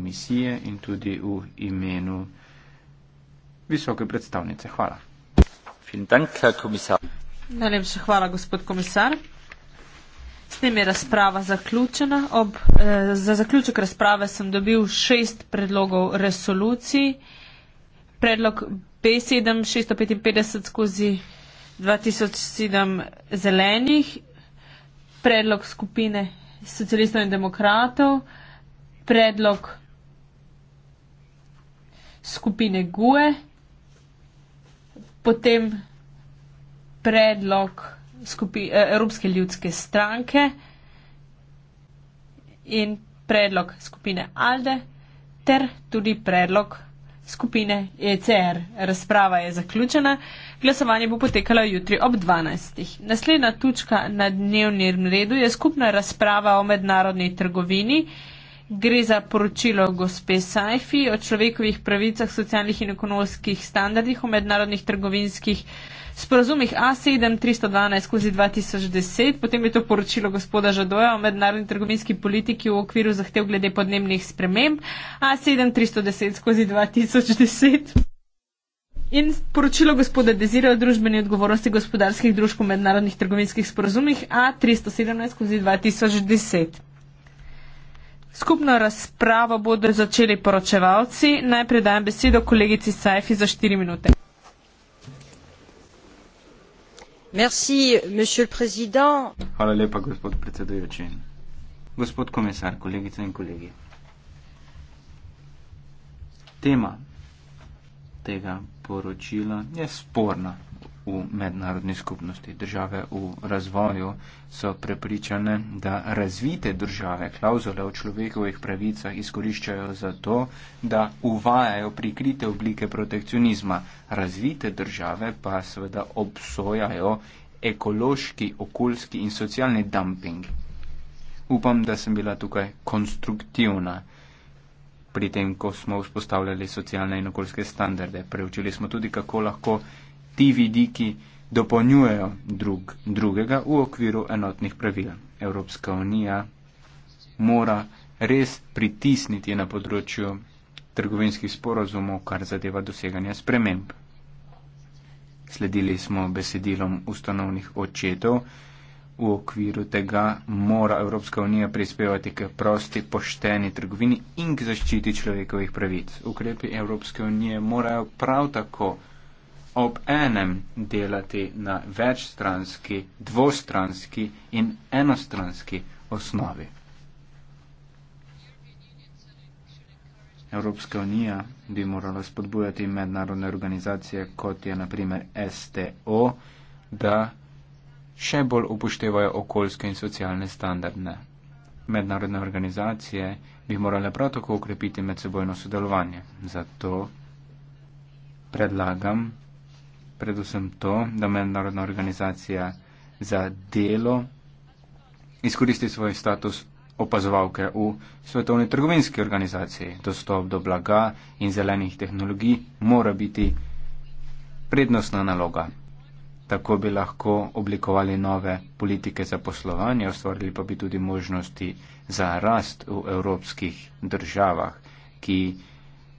komisije in tudi v imenu visoke predstavnice. Hvala. Najlepša hvala, gospod komisar. S tem je razprava zaključena. Ob, eh, za zaključek razprave sem dobil šest predlogov resolucij. Predlog B7 655 skozi 2007 zelenih, predlog skupine socialistov in demokratov, predlog skupine GUE, potem predlog skupi, eh, Evropske ljudske stranke in predlog skupine ALDE ter tudi predlog skupine ECR. Razprava je zaključena, glasovanje bo potekalo jutri ob 12. Naslednja točka na dnevnem redu je skupna razprava o mednarodni trgovini. Gre za poročilo gospe Saifi o človekovih pravicah, socialnih in ekonomskih standardih v mednarodnih trgovinskih sporazumih A7312 skozi 2010. Potem je to poročilo gospoda Žadoja o mednarodni trgovinski politiki v okviru zahtev glede podnebnih sprememb A7310 skozi 2010. In poročilo gospoda Dezira o družbeni odgovornosti gospodarskih družb v mednarodnih trgovinskih sporazumih A317 skozi 2010. Skupno razpravo bodo začeli poročevalci. Najprej dajem besedo kolegici Saifi za štiri minute. Merci, monsieur le président. Hvala lepa, gospod predsedujoči. Gospod komisar, kolegice in kolegi. Tema tega poročila je sporna v mednarodni skupnosti. Države v razvoju so prepričane, da razvite države klauzule o človekovih pravicah izkoriščajo za to, da uvajajo prikrite oblike protekcionizma. Razvite države pa seveda obsojajo ekološki, okoljski in socialni dumping. Upam, da sem bila tukaj konstruktivna pri tem, ko smo vzpostavljali socialne in okoljske standarde. Preučili smo tudi, kako lahko ti vidiki dopolnjujejo drug, drugega v okviru enotnih pravil. Evropska unija mora res pritisniti na področju trgovinskih sporozumov, kar zadeva doseganje sprememb. Sledili smo besedilom ustanovnih očetov. V okviru tega mora Evropska unija prispevati k prosti, pošteni trgovini in k zaščiti človekovih pravic. Ukrepi Evropske unije morajo prav tako ob enem delati na večstranski, dvostranski in enostranski osnovi. Evropska unija bi morala spodbujati mednarodne organizacije, kot je naprimer STO, da še bolj upoštevajo okoljske in socialne standarde. Mednarodne organizacije bi morale prav tako ukrepiti medsebojno sodelovanje. Zato predlagam predvsem to, da mednarodna organizacija za delo izkoristi svoj status opazovalke v svetovni trgovinski organizaciji. Dostop do blaga in zelenih tehnologij mora biti prednostna naloga. Tako bi lahko oblikovali nove politike za poslovanje, ustvarili pa bi tudi možnosti za rast v evropskih državah, ki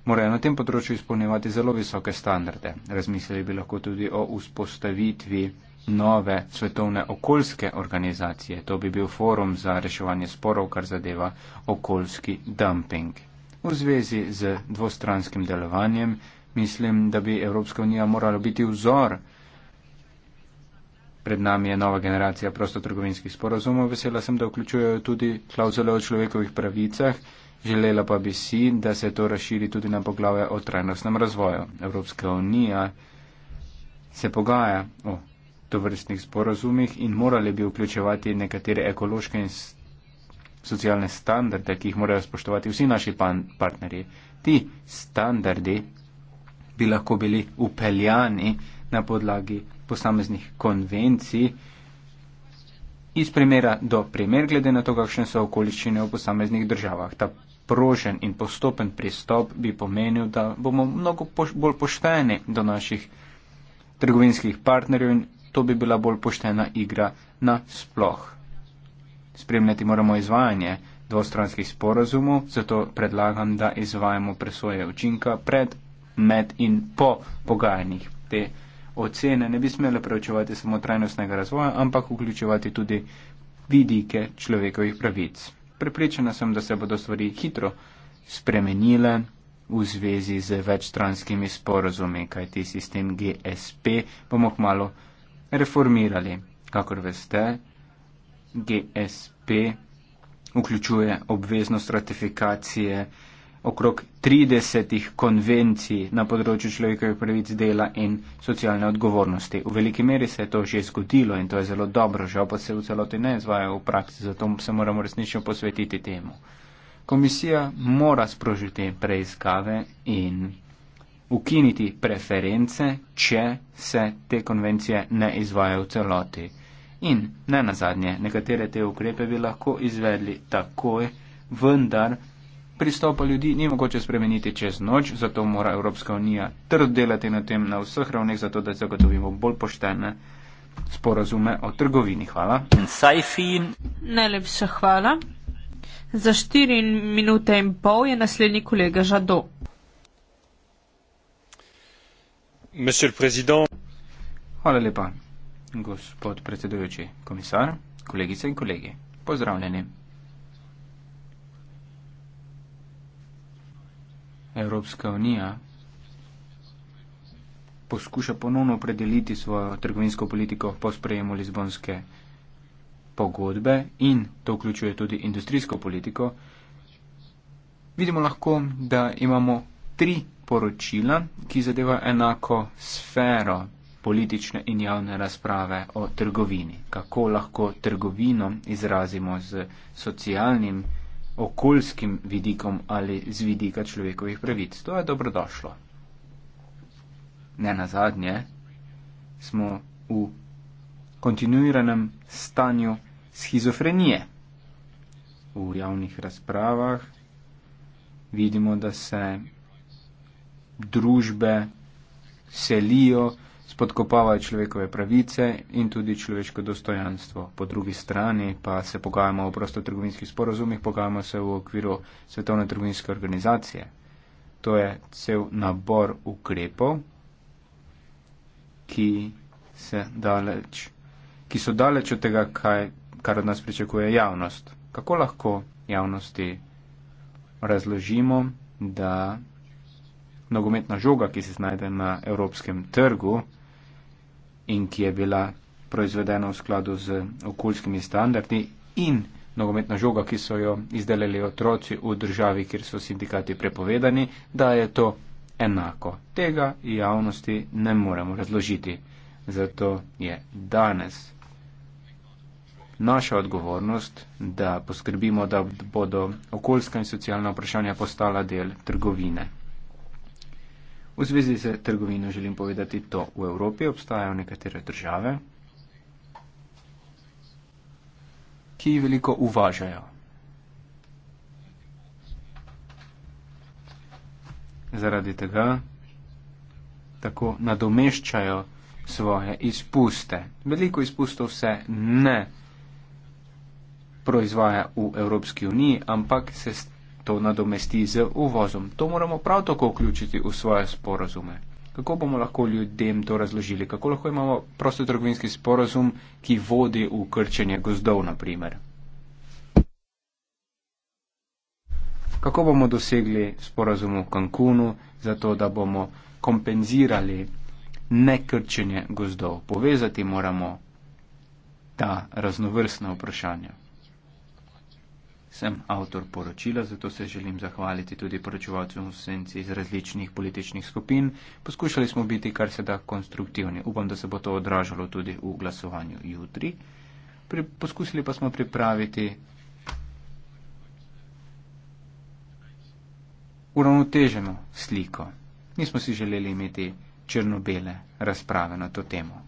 morajo na tem področju izpolnjevati zelo visoke standarde. Razmislili bi lahko tudi o vzpostavitvi nove svetovne okoljske organizacije. To bi bil forum za reševanje sporov, kar zadeva okoljski dumping. V zvezi z dvostranskim delovanjem mislim, da bi Evropska unija morala biti vzor. Pred nami je nova generacija prostotrgovinskih sporozumov. Vesela sem, da vključujejo tudi klauzule o človekovih pravicah, Želela pa bi si, da se to razširi tudi na poglavje o trajnostnem razvoju. Evropska unija se pogaja o tovrstnih sporazumih in morali bi vključevati nekatere ekološke in socialne standarde, ki jih morajo spoštovati vsi naši pan, partnerji. Ti standardi bi lahko bili upeljani na podlagi posameznih konvencij iz primera do primer, glede na to, kakšne so okoliščine v posameznih državah. Ta sprožen in postopen pristop bi pomenil, da bomo mnogo poš bolj pošteni do naših trgovinskih partnerjev in to bi bila bolj poštena igra na sploh. Spremljati moramo izvajanje dvostranskih sporazumov, zato predlagam, da izvajamo presoje učinka pred, med in po pogajanjih. Te ocene ne bi smele preučevati samo trajnostnega razvoja, ampak vključevati tudi vidike človekovih pravic. Prepričana sem, da se bodo stvari hitro spremenile v zvezi z večstranskimi sporozumi, kajti sistem GSP bomo kmalo reformirali. Kakor veste, GSP vključuje obveznost ratifikacije okrog 30 konvencij na področju človekovih pravic dela in socialne odgovornosti. V veliki meri se je to že zgodilo in to je zelo dobro, žal pa se v celoti ne izvaja v praksi, zato se moramo resnično posvetiti temu. Komisija mora sprožiti preiskave in ukiniti preference, če se te konvencije ne izvaja v celoti. In ne nazadnje, nekatere te ukrepe bi lahko izvedli takoj, vendar pristopa ljudi ni mogoče spremeniti čez noč, zato mora Evropska unija trd delati na tem na vseh ravneh, zato da zagotovimo bolj poštene sporazume o trgovini. Hvala. Najlepša hvala. Za štiri minute in pol je naslednji kolega Žado. Hvala lepa, gospod predsedujoči komisar, kolegice in kolegi. Pozdravljeni. Evropska unija poskuša ponovno predeliti svojo trgovinsko politiko po sprejemu Lizbonske pogodbe in to vključuje tudi industrijsko politiko, vidimo lahko, da imamo tri poročila, ki zadeva enako sfero politične in javne razprave o trgovini. Kako lahko trgovino izrazimo z socialnim, okoljskim vidikom ali z vidika človekovih pravic. To je dobrodošlo. Ne na zadnje smo v kontinuiranem stanju schizofrenije. V javnih razpravah vidimo, da se družbe selijo spodkopavajo človekove pravice in tudi človeško dostojanstvo. Po drugi strani pa se pogajamo o prostotrgovinskih sporozumih, pogajamo se v okviru Svetovne trgovinske organizacije. To je cel nabor ukrepov, ki, daleč, ki so daleč od tega, kaj, kar od nas pričakuje javnost. Kako lahko javnosti razložimo, da nogometna žoga, ki se znajde na evropskem trgu, in ki je bila proizvedena v skladu z okoljskimi standardi in nogometna žoga, ki so jo izdelali otroci v državi, kjer so sindikati prepovedani, da je to enako. Tega javnosti ne moremo razložiti. Zato je danes naša odgovornost, da poskrbimo, da bodo okoljska in socialna vprašanja postala del trgovine. V zvezi z trgovino želim povedati to. V Evropi obstajajo nekatere države, ki veliko uvažajo. Zaradi tega tako nadomeščajo svoje izpuste. Veliko izpustov se ne proizvaja v Evropski uniji, ampak se to nadomesti z uvozom. To moramo prav tako vključiti v svoje sporozume. Kako bomo lahko ljudem to razložili? Kako lahko imamo prostotrgovinski sporozum, ki vodi v krčenje gozdov, na primer? Kako bomo dosegli sporozum v Cancunu, zato da bomo kompenzirali nekrčenje gozdov? Povezati moramo ta raznovrstna vprašanja. Sem avtor poročila, zato se želim zahvaliti tudi poročevalcem v senci iz različnih političnih skupin. Poskušali smo biti kar se da konstruktivni. Upam, da se bo to odražalo tudi v glasovanju jutri. Pri, poskusili pa smo pripraviti uravnoteženo sliko. Nismo si želeli imeti črno-bele razprave na to temo.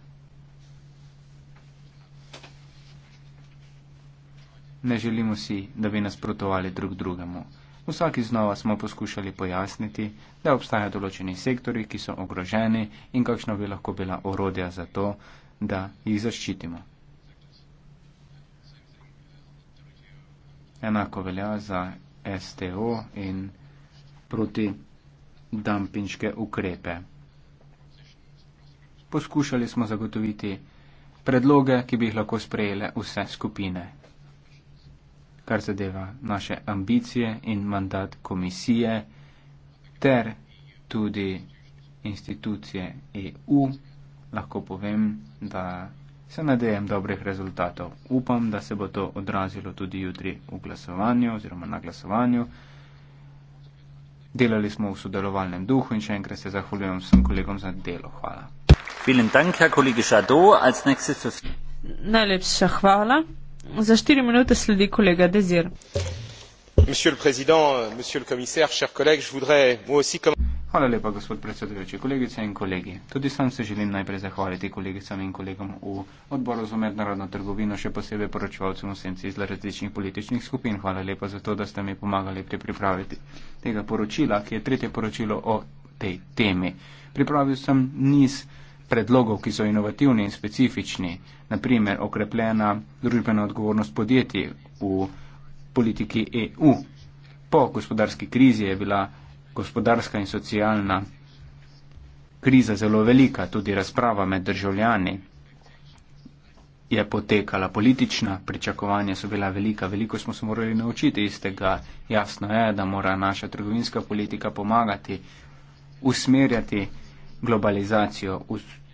ne želimo si, da bi nasprotovali drug drugemu. Vsaki znova smo poskušali pojasniti, da obstajajo določeni sektori, ki so ogroženi in kakšno bi lahko bila orodja za to, da jih zaščitimo. Enako velja za STO in proti dampinške ukrepe. Poskušali smo zagotoviti predloge, ki bi jih lahko sprejele vse skupine kar zadeva naše ambicije in mandat komisije ter tudi institucije EU, lahko povem, da se nadejem dobrih rezultatov. Upam, da se bo to odrazilo tudi jutri v glasovanju oziroma na glasovanju. Delali smo v sodelovalnem duhu in še enkrat se zahvaljujem vsem kolegom za delo. Hvala. Najlepša hvala monsieur le président euh, monsieur le commissaire chers collègues je voudrais moi aussi Hvala lepa, gospod predsedujoči, kolegice in kolegi. Tudi sam se želim najprej zahvaliti kolegicam in kolegom v odboru za mednarodno trgovino, še posebej poročevalcem vsem iz različnih političnih skupin. Hvala lepa za to, da ste mi pomagali pri pripravi tega poročila, ki je tretje poročilo o tej temi. Pripravil sem niz predlogov, ki so inovativni in specifični, naprimer okrepljena družbena odgovornost podjetij v politiki EU. Po gospodarski krizi je bila gospodarska in socialna kriza zelo velika, tudi razprava med državljani je potekala politična, pričakovanja so bila velika, veliko smo se morali naučiti iz tega. Jasno je, da mora naša trgovinska politika pomagati, usmerjati globalizacijo,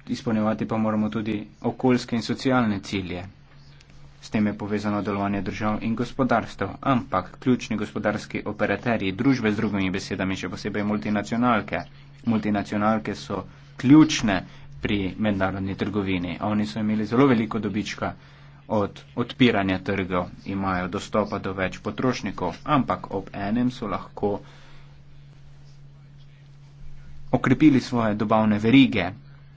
izpolnjevati pa moramo tudi okoljske in socialne cilje. S tem je povezano delovanje držav in gospodarstv, ampak ključni gospodarski operaterji družbe z drugimi besedami, še posebej multinacionalke. Multinacionalke so ključne pri mednarodni trgovini. Oni so imeli zelo veliko dobička od odpiranja trgov, imajo dostopa do več potrošnikov, ampak ob enem so lahko okrepili svoje dobavne verige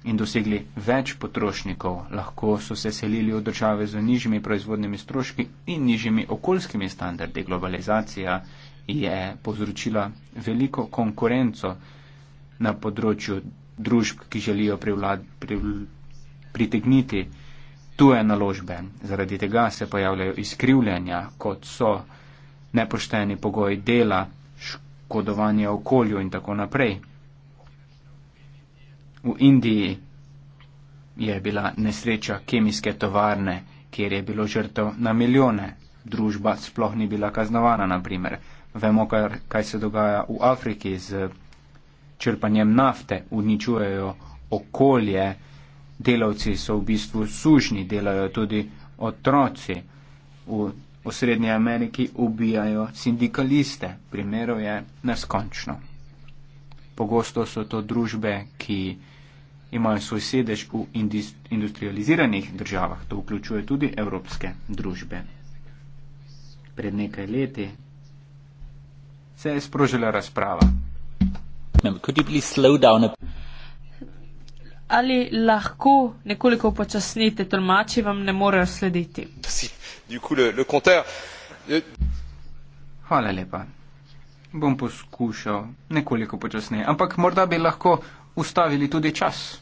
in dosegli več potrošnikov, lahko so se selili v države z nižjimi proizvodnimi stroški in nižjimi okoljskimi standardi. Globalizacija je povzročila veliko konkurenco na področju družb, ki želijo privlad, privl, pritegniti tuje naložbe. Zaradi tega se pojavljajo izkrivljanja, kot so nepošteni pogoji dela, škodovanje okolju in tako naprej. V Indiji je bila nesreča kemijske tovarne, kjer je bilo žrtev na milijone. Družba sploh ni bila kaznovana, naprimer. Vemo, kar, kaj se dogaja v Afriki z črpanjem nafte, uničujejo okolje, delavci so v bistvu sužni, delajo tudi otroci. V osrednji Ameriki ubijajo sindikaliste, primerov je neskončno. Pogosto so to družbe, ki imajo svoj sedež v industrializiranih državah. To vključuje tudi evropske družbe. Pred nekaj leti se je sprožila razprava. Ali lahko nekoliko počasnite, tolmači vam ne morejo slediti? Hvala lepa. Bom poskušal nekoliko počasneje, ampak morda bi lahko ustavili tudi čas.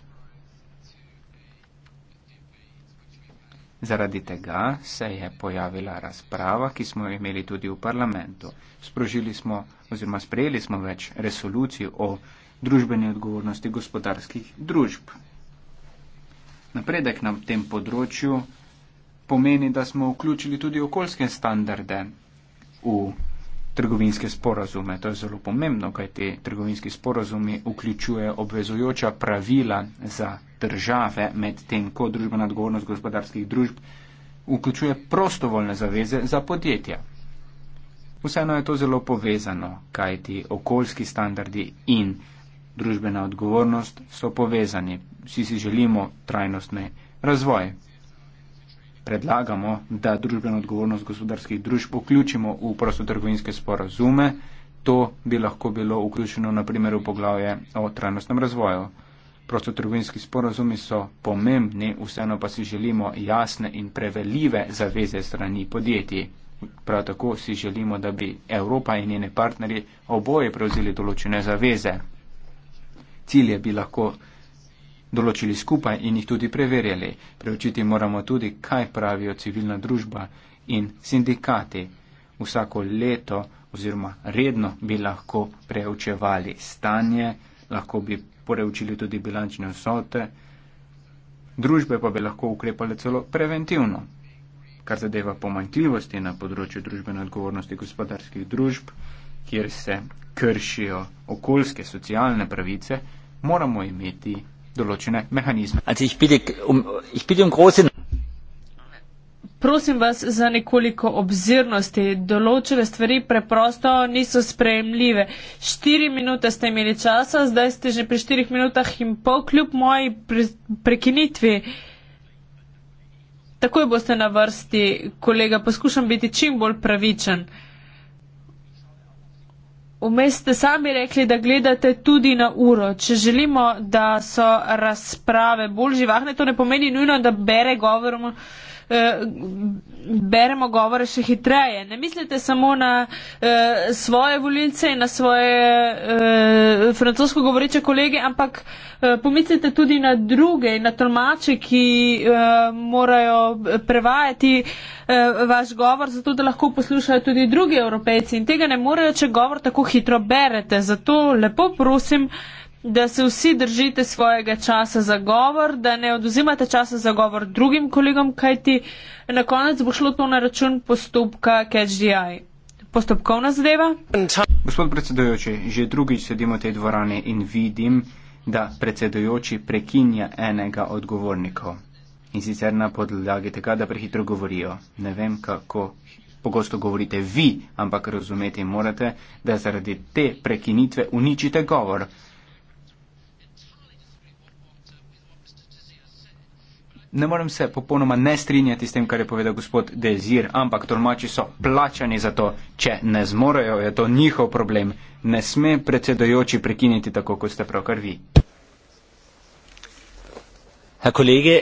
Zaradi tega se je pojavila razprava, ki smo jo imeli tudi v parlamentu. Sprožili smo oziroma sprejeli smo več resolucij o družbeni odgovornosti gospodarskih družb. Napredek na tem področju pomeni, da smo vključili tudi okoljske standarde v trgovinske sporazume. To je zelo pomembno, kaj te trgovinski sporazumi vključujejo obvezujoča pravila za države, medtem ko družbena odgovornost gospodarskih družb vključuje prostovoljne zaveze za podjetja. Vseeno je to zelo povezano, kaj ti okoljski standardi in družbena odgovornost so povezani. Vsi si želimo trajnostni razvoj predlagamo, da družbeno odgovornost gospodarskih družb vključimo v prostotrgovinske sporazume. To bi lahko bilo vključeno naprimer v poglavje o trajnostnem razvoju. Prostotrgovinski sporazumi so pomembni, vseeno pa si želimo jasne in preveljive zaveze strani podjetij. Prav tako si želimo, da bi Evropa in njene partnerji oboje prevzeli določene zaveze. Cilje bi lahko določili skupaj in jih tudi preverjali. Preučiti moramo tudi, kaj pravijo civilna družba in sindikati. Vsako leto oziroma redno bi lahko preučevali stanje, lahko bi preučili tudi bilančne vsote, družbe pa bi lahko ukrepali celo preventivno. Kar zadeva pomankljivosti na področju družbene odgovornosti gospodarskih družb, kjer se kršijo okoljske socialne pravice, moramo imeti določene mehanizme. Um, um Prosim vas za nekoliko obzirnosti. Določene stvari preprosto niso sprejemljive. Štiri minute ste imeli časa, zdaj ste že pri štirih minutah in pol, kljub moji pre prekinitvi. Takoj boste na vrsti, kolega, poskušam biti čim bolj pravičen. Uh, Vmes ste sami rekli, da gledate tudi na uro. Če želimo, da so razprave bolj živahne, to ne pomeni nujno, da bere govorimo. Eh, beremo govore še hitreje. Ne mislite samo na eh, svoje volilce in na svoje eh, francosko govoreče kolege, ampak eh, pomislite tudi na druge in na tolmače, ki eh, morajo prevajati eh, vaš govor, zato da lahko poslušajo tudi drugi evropejci in tega ne morejo, če govor tako hitro berete. Zato lepo prosim, eh, da se vsi držite svojega časa za govor, da ne oduzimate časa za govor drugim kolegom, kajti na konec bo šlo to na račun postopka CatchDI. Postopkovna zadeva? Gospod predsedujoči, že drugič sedimo v tej dvorani in vidim, da predsedujoči prekinja enega odgovornikov. In sicer na podlagi tega, da prehitro govorijo. Ne vem, kako pogosto govorite vi, ampak razumeti morate, da zaradi te prekinitve uničite govor. ne morem se popolnoma ne strinjati s tem, kar je povedal gospod Dezir, ampak tolmači so plačani za to, če ne zmorejo, je to njihov problem. Ne sme predsedojoči prekiniti tako, kot ste pravkar vi. Kolege,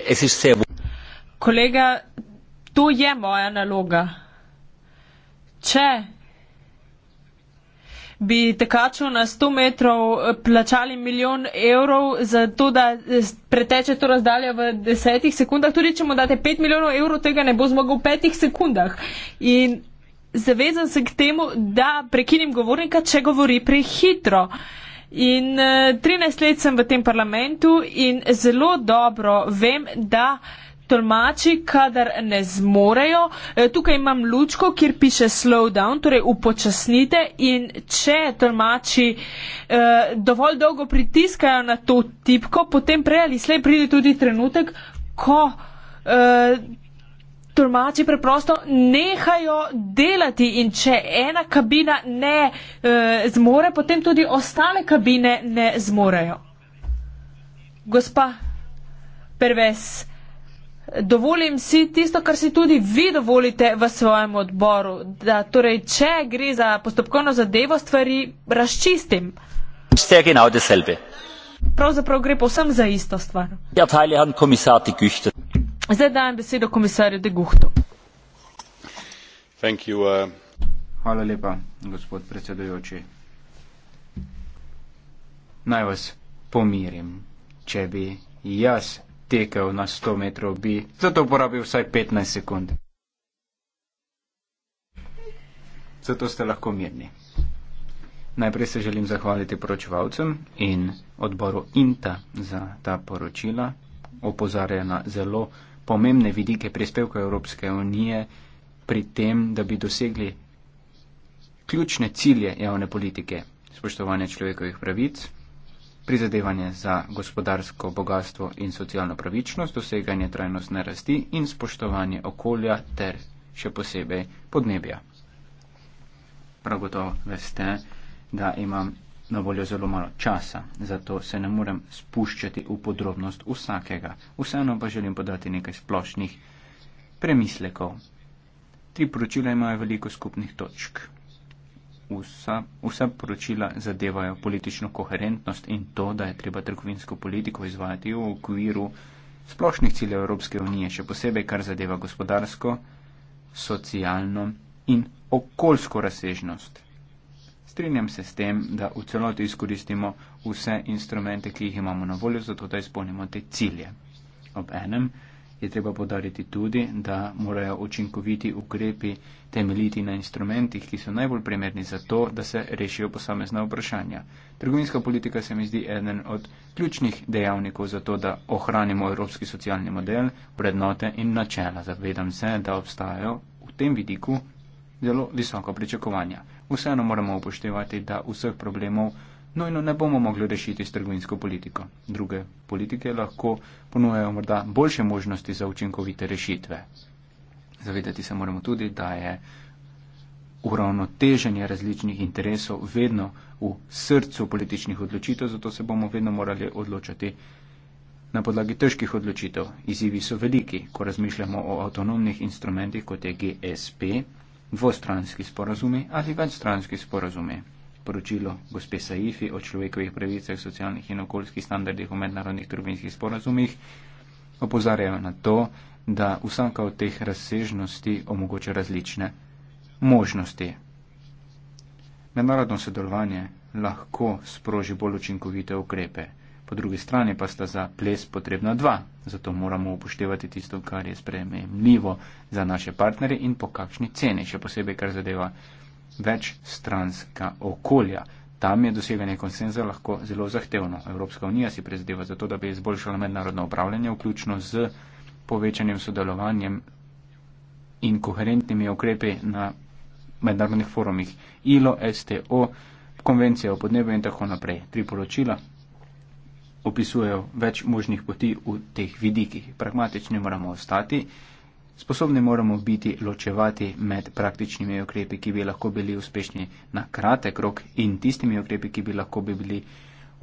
Kolega, to je moja naloga. Če bi tekaču na 100 metrov eh, plačali milijon evrov za to, da eh, preteče to razdaljo v desetih sekundah. Tudi če mu date 5 milijonov evrov, tega ne bo zmogel v petih sekundah. In zavezan sem k temu, da prekinim govornika, če govori prehitro. In 13 eh, let sem v tem parlamentu in zelo dobro vem, da tolmači, kadar ne zmorejo. E, tukaj imam lučko, kjer piše slow down, torej upočasnite in če tolmači e, dovolj dolgo pritiskajo na to tipko, potem prej ali slej pride tudi trenutek, ko e, tolmači preprosto nehajo delati in če ena kabina ne zmore, potem tudi ostale kabine ne zmorejo. Gospa Pervez, Dovolim si tisto, kar si tudi vi dovolite v svojem odboru, da torej, če gre za postopkovno zadevo, stvari razčistim. Pravzaprav gre povsem za isto stvar. Ja, Zdaj dajem besedo komisarju de Guhtu. You, uh... Hvala lepa, gospod predsedujoči. Naj vas pomirim, če bi jaz tekel na 100 metrov, bi za to porabil vsaj 15 sekund. Zato ste lahko mirni. Najprej se želim zahvaliti poročevalcem in odboru INTA za ta poročila. Opozarja na zelo pomembne vidike prispevka Evropske unije pri tem, da bi dosegli ključne cilje javne politike spoštovanja človekovih pravic, prizadevanje za gospodarsko bogatstvo in socialno pravičnost, doseganje trajnostne rasti in spoštovanje okolja ter še posebej podnebja. Prav gotovo veste, da imam na voljo zelo malo časa, zato se ne morem spuščati v podrobnost vsakega. Vseeno pa želim podati nekaj splošnih premislekov. Ti poročila imajo veliko skupnih točk vsa, vsa poročila zadevajo politično koherentnost in to, da je treba trgovinsko politiko izvajati v okviru splošnih ciljev Evropske unije, še posebej kar zadeva gospodarsko, socialno in okoljsko razsežnost. Strinjam se s tem, da v celoti izkoristimo vse instrumente, ki jih imamo na voljo, zato da izpolnimo te cilje. Ob enem je treba podariti tudi, da morajo učinkoviti ukrepi temeljiti na instrumentih, ki so najbolj primerni za to, da se rešijo posamezna vprašanja. Trgovinska politika se mi zdi eden od ključnih dejavnikov za to, da ohranimo evropski socialni model, prednote in načela. Zavedam se, da obstajajo v tem vidiku zelo visoka pričakovanja. Vseeno moramo upoštevati, da vseh problemov nojno ne bomo mogli rešiti s trgovinsko politiko. Druge politike lahko ponujajo morda boljše možnosti za učinkovite rešitve. Zavedati se moramo tudi, da je uravnoteženje različnih interesov vedno v srcu političnih odločitev, zato se bomo vedno morali odločati na podlagi težkih odločitev. Izzivi so veliki, ko razmišljamo o avtonomnih instrumentih, kot je GSP, dvostranski sporazumi ali večstranski sporazumi poročilo gospe Saifi o človekovih pravicah, socialnih in okoljskih standardih v mednarodnih trgovinskih sporazumih, opozarjajo na to, da vsaka od teh razsežnosti omogoča različne možnosti. Mednarodno sodelovanje lahko sproži bolj učinkovite ukrepe, po drugi strani pa sta za ples potrebna dva, zato moramo upoštevati tisto, kar je sprejemljivo za naše partnerje in po kakšni ceni, še posebej kar zadeva večstranska okolja. Tam je doseganje konsenza lahko zelo zahtevno. Evropska unija si prizadeva za to, da bi izboljšala mednarodno upravljanje, vključno z povečanjem sodelovanjem in koherentnimi ukrepi na mednarodnih forumih ILO, STO, konvencija o podnebju in tako naprej. Tri poročila opisujejo več možnih poti v teh vidikih. Pragmatični moramo ostati. Sposobni moramo biti ločevati med praktičnimi ukrepi, ki bi lahko bili uspešni na kratek rok in tistimi ukrepi, ki bi lahko bili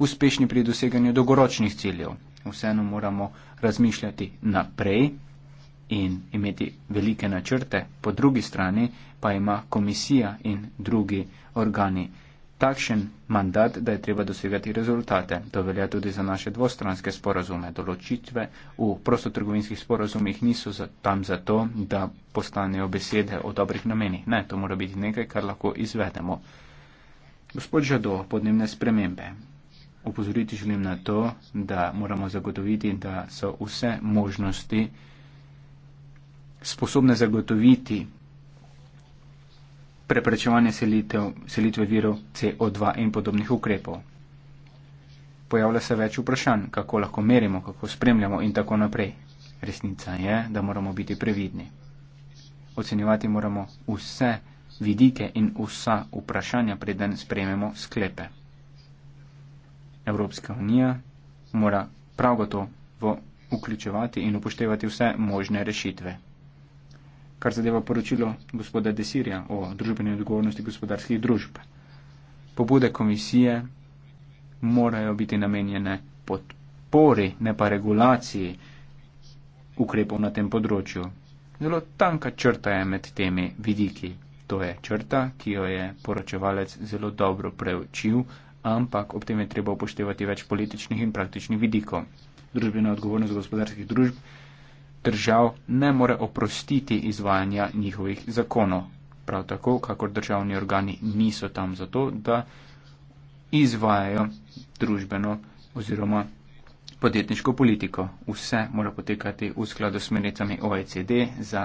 uspešni pri doseganju dolgoročnih ciljev. Vseeno moramo razmišljati naprej in imeti velike načrte, po drugi strani pa ima komisija in drugi organi takšen mandat, da je treba dosegati rezultate. To velja tudi za naše dvostranske sporazume. Določitve v prostotrgovinskih sporazumih niso za, tam zato, da postanejo besede o dobrih namenih. Ne, to mora biti nekaj, kar lahko izvedemo. Gospod Žado, podnebne spremembe. Upozoriti želim na to, da moramo zagotoviti, da so vse možnosti sposobne zagotoviti preprečevanje selitev, selitve virov CO2 in podobnih ukrepov. Pojavlja se več vprašanj, kako lahko merimo, kako spremljamo in tako naprej. Resnica je, da moramo biti previdni. Ocenjevati moramo vse vidike in vsa vprašanja, preden sprememo sklepe. Evropska unija mora prav gotovo vključevati in upoštevati vse možne rešitve kar zadeva poročilo gospoda Desirja o družbeni odgovornosti gospodarskih družb. Pobude komisije morajo biti namenjene podpori, ne pa regulaciji ukrepov na tem področju. Zelo tanka črta je med temi vidiki. To je črta, ki jo je poročevalec zelo dobro preučil, ampak ob tem je treba upoštevati več političnih in praktičnih vidikov. Družbena odgovornost gospodarskih družb držav ne more oprostiti izvajanja njihovih zakonov. Prav tako, kakor državni organi niso tam zato, da izvajajo družbeno oziroma podjetniško politiko. Vse mora potekati v skladu s smernicami OECD za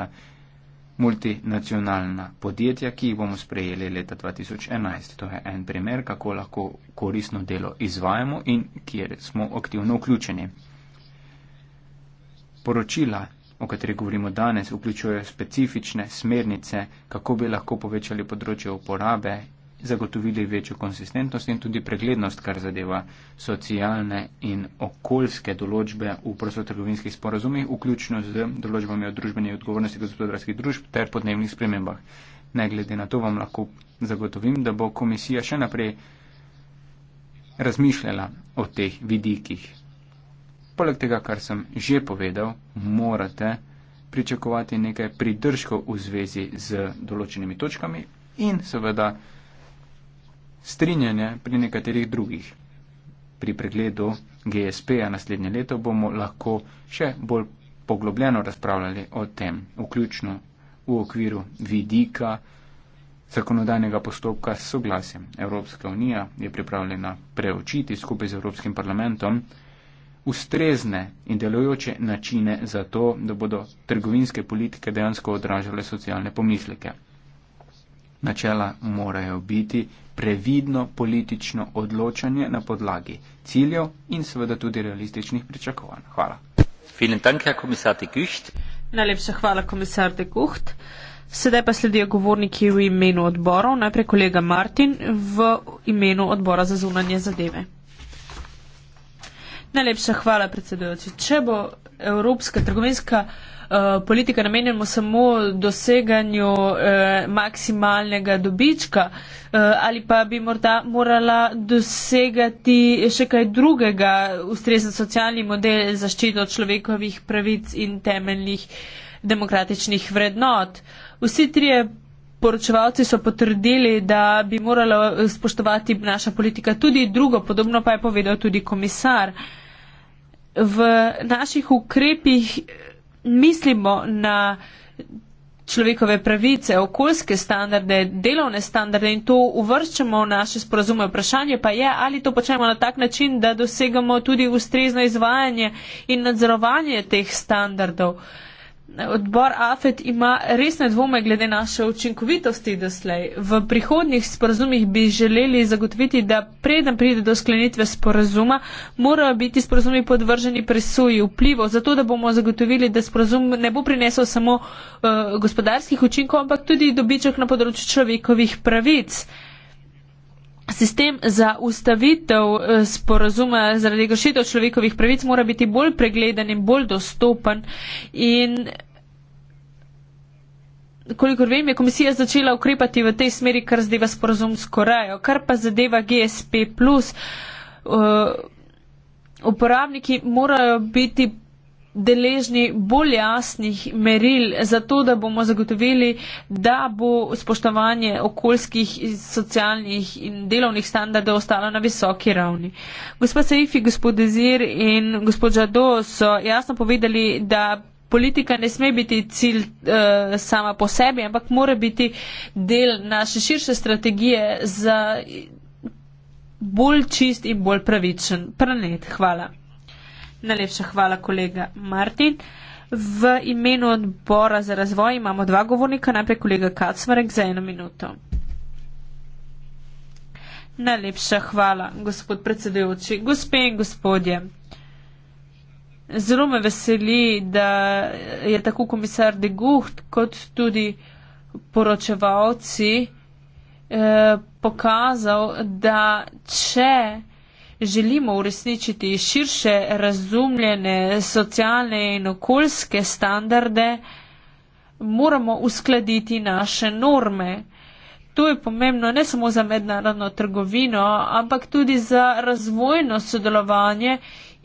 multinacionalna podjetja, ki jih bomo sprejeli leta 2011. To je en primer, kako lahko korisno delo izvajamo in kjer smo aktivno vključeni. Poročila, o katerih govorimo danes, vključujejo specifične smernice, kako bi lahko povečali področje uporabe, zagotovili večjo konsistentnost in tudi preglednost, kar zadeva socialne in okoljske določbe v prostotrgovinskih sporazumih, vključno z določbami o družbeni odgovornosti gospodarskih družb ter podnebnih spremembah. Ne glede na to vam lahko zagotovim, da bo komisija še naprej razmišljala o teh vidikih poleg tega, kar sem že povedal, morate pričakovati nekaj pridržkov v zvezi z določenimi točkami in seveda strinjanje pri nekaterih drugih. Pri pregledu GSP-ja naslednje leto bomo lahko še bolj poglobljeno razpravljali o tem, vključno v okviru vidika zakonodajnega postopka s soglasjem. Evropska unija je pripravljena preučiti skupaj z Evropskim parlamentom ustrezne in delujoče načine za to, da bodo trgovinske politike dejansko odražale socialne pomisleke. Načela morajo biti previdno politično odločanje na podlagi ciljev in seveda tudi realističnih pričakovanj. Hvala. Najlepša hvala, komisar de Gucht. Sedaj pa sledijo govorniki v imenu odborov. Najprej kolega Martin v imenu odbora za zunanje zadeve. Najlepša hvala, predsedujoči. Če bo evropska trgovinska uh, politika namenjena samo doseganju uh, maksimalnega dobička uh, ali pa bi morda morala dosegati še kaj drugega, ustrezen socialni model zaščito človekovih pravic in temeljnih demokratičnih vrednot. Vsi trije poročevalci so potrdili, da bi morala spoštovati naša politika tudi drugo, podobno pa je povedal tudi komisar. Uh, v naših ukrepih mislimo na človekove pravice, okoljske standarde, delovne standarde in to uvrščamo v naše sporazume. Vprašanje pa je, ali to počnemo na tak način, da dosegamo tudi ustrezno izvajanje in nadzorovanje teh standardov. Uh, Odbor AFET ima resne dvome glede naše učinkovitosti doslej. V prihodnjih sporazumih bi želeli zagotoviti, da preden pride do sklenitve sporazuma, morajo biti sporazumi podvrženi presuji vplivo, zato da bomo zagotovili, da sporazum ne bo prinesel samo uh, gospodarskih učinkov, ampak tudi dobiček na področju človekovih pravic. Uh, Sistem za ustavitev eh, sporazuma zaradi kršitev človekovih pravic mora biti bolj pregleden in bolj dostopen. In kolikor vem, je komisija začela ukrepati v tej smeri, kar zadeva sporazum s Korejo. Kar pa zadeva GSP, eh, uporabniki morajo biti deležni bolj jasnih meril za to, da bomo zagotovili, da bo spoštovanje okoljskih, socialnih in delovnih standardov ostalo na visoki ravni. Gospod Saifi, gospod Dezir in gospod Žado so jasno povedali, da. Politika ne sme biti cilj uh, sama po sebi, ampak mora biti del naše širše strategije za bolj čist in bolj pravičen planet. Hvala. Najlepša hvala, kolega Martin. V imenu odbora za razvoj imamo dva govornika, najprej kolega Kacmarek za eno minuto. Najlepša hvala, gospod predsedujoči, gospe in gospodje. Zelo me veseli, da je tako komisar de Gucht kot tudi poročevalci eh, pokazal, da če želimo uresničiti širše razumljene socialne in okoljske standarde, moramo uskladiti naše norme. To je pomembno ne samo za mednarodno trgovino, ampak tudi za razvojno sodelovanje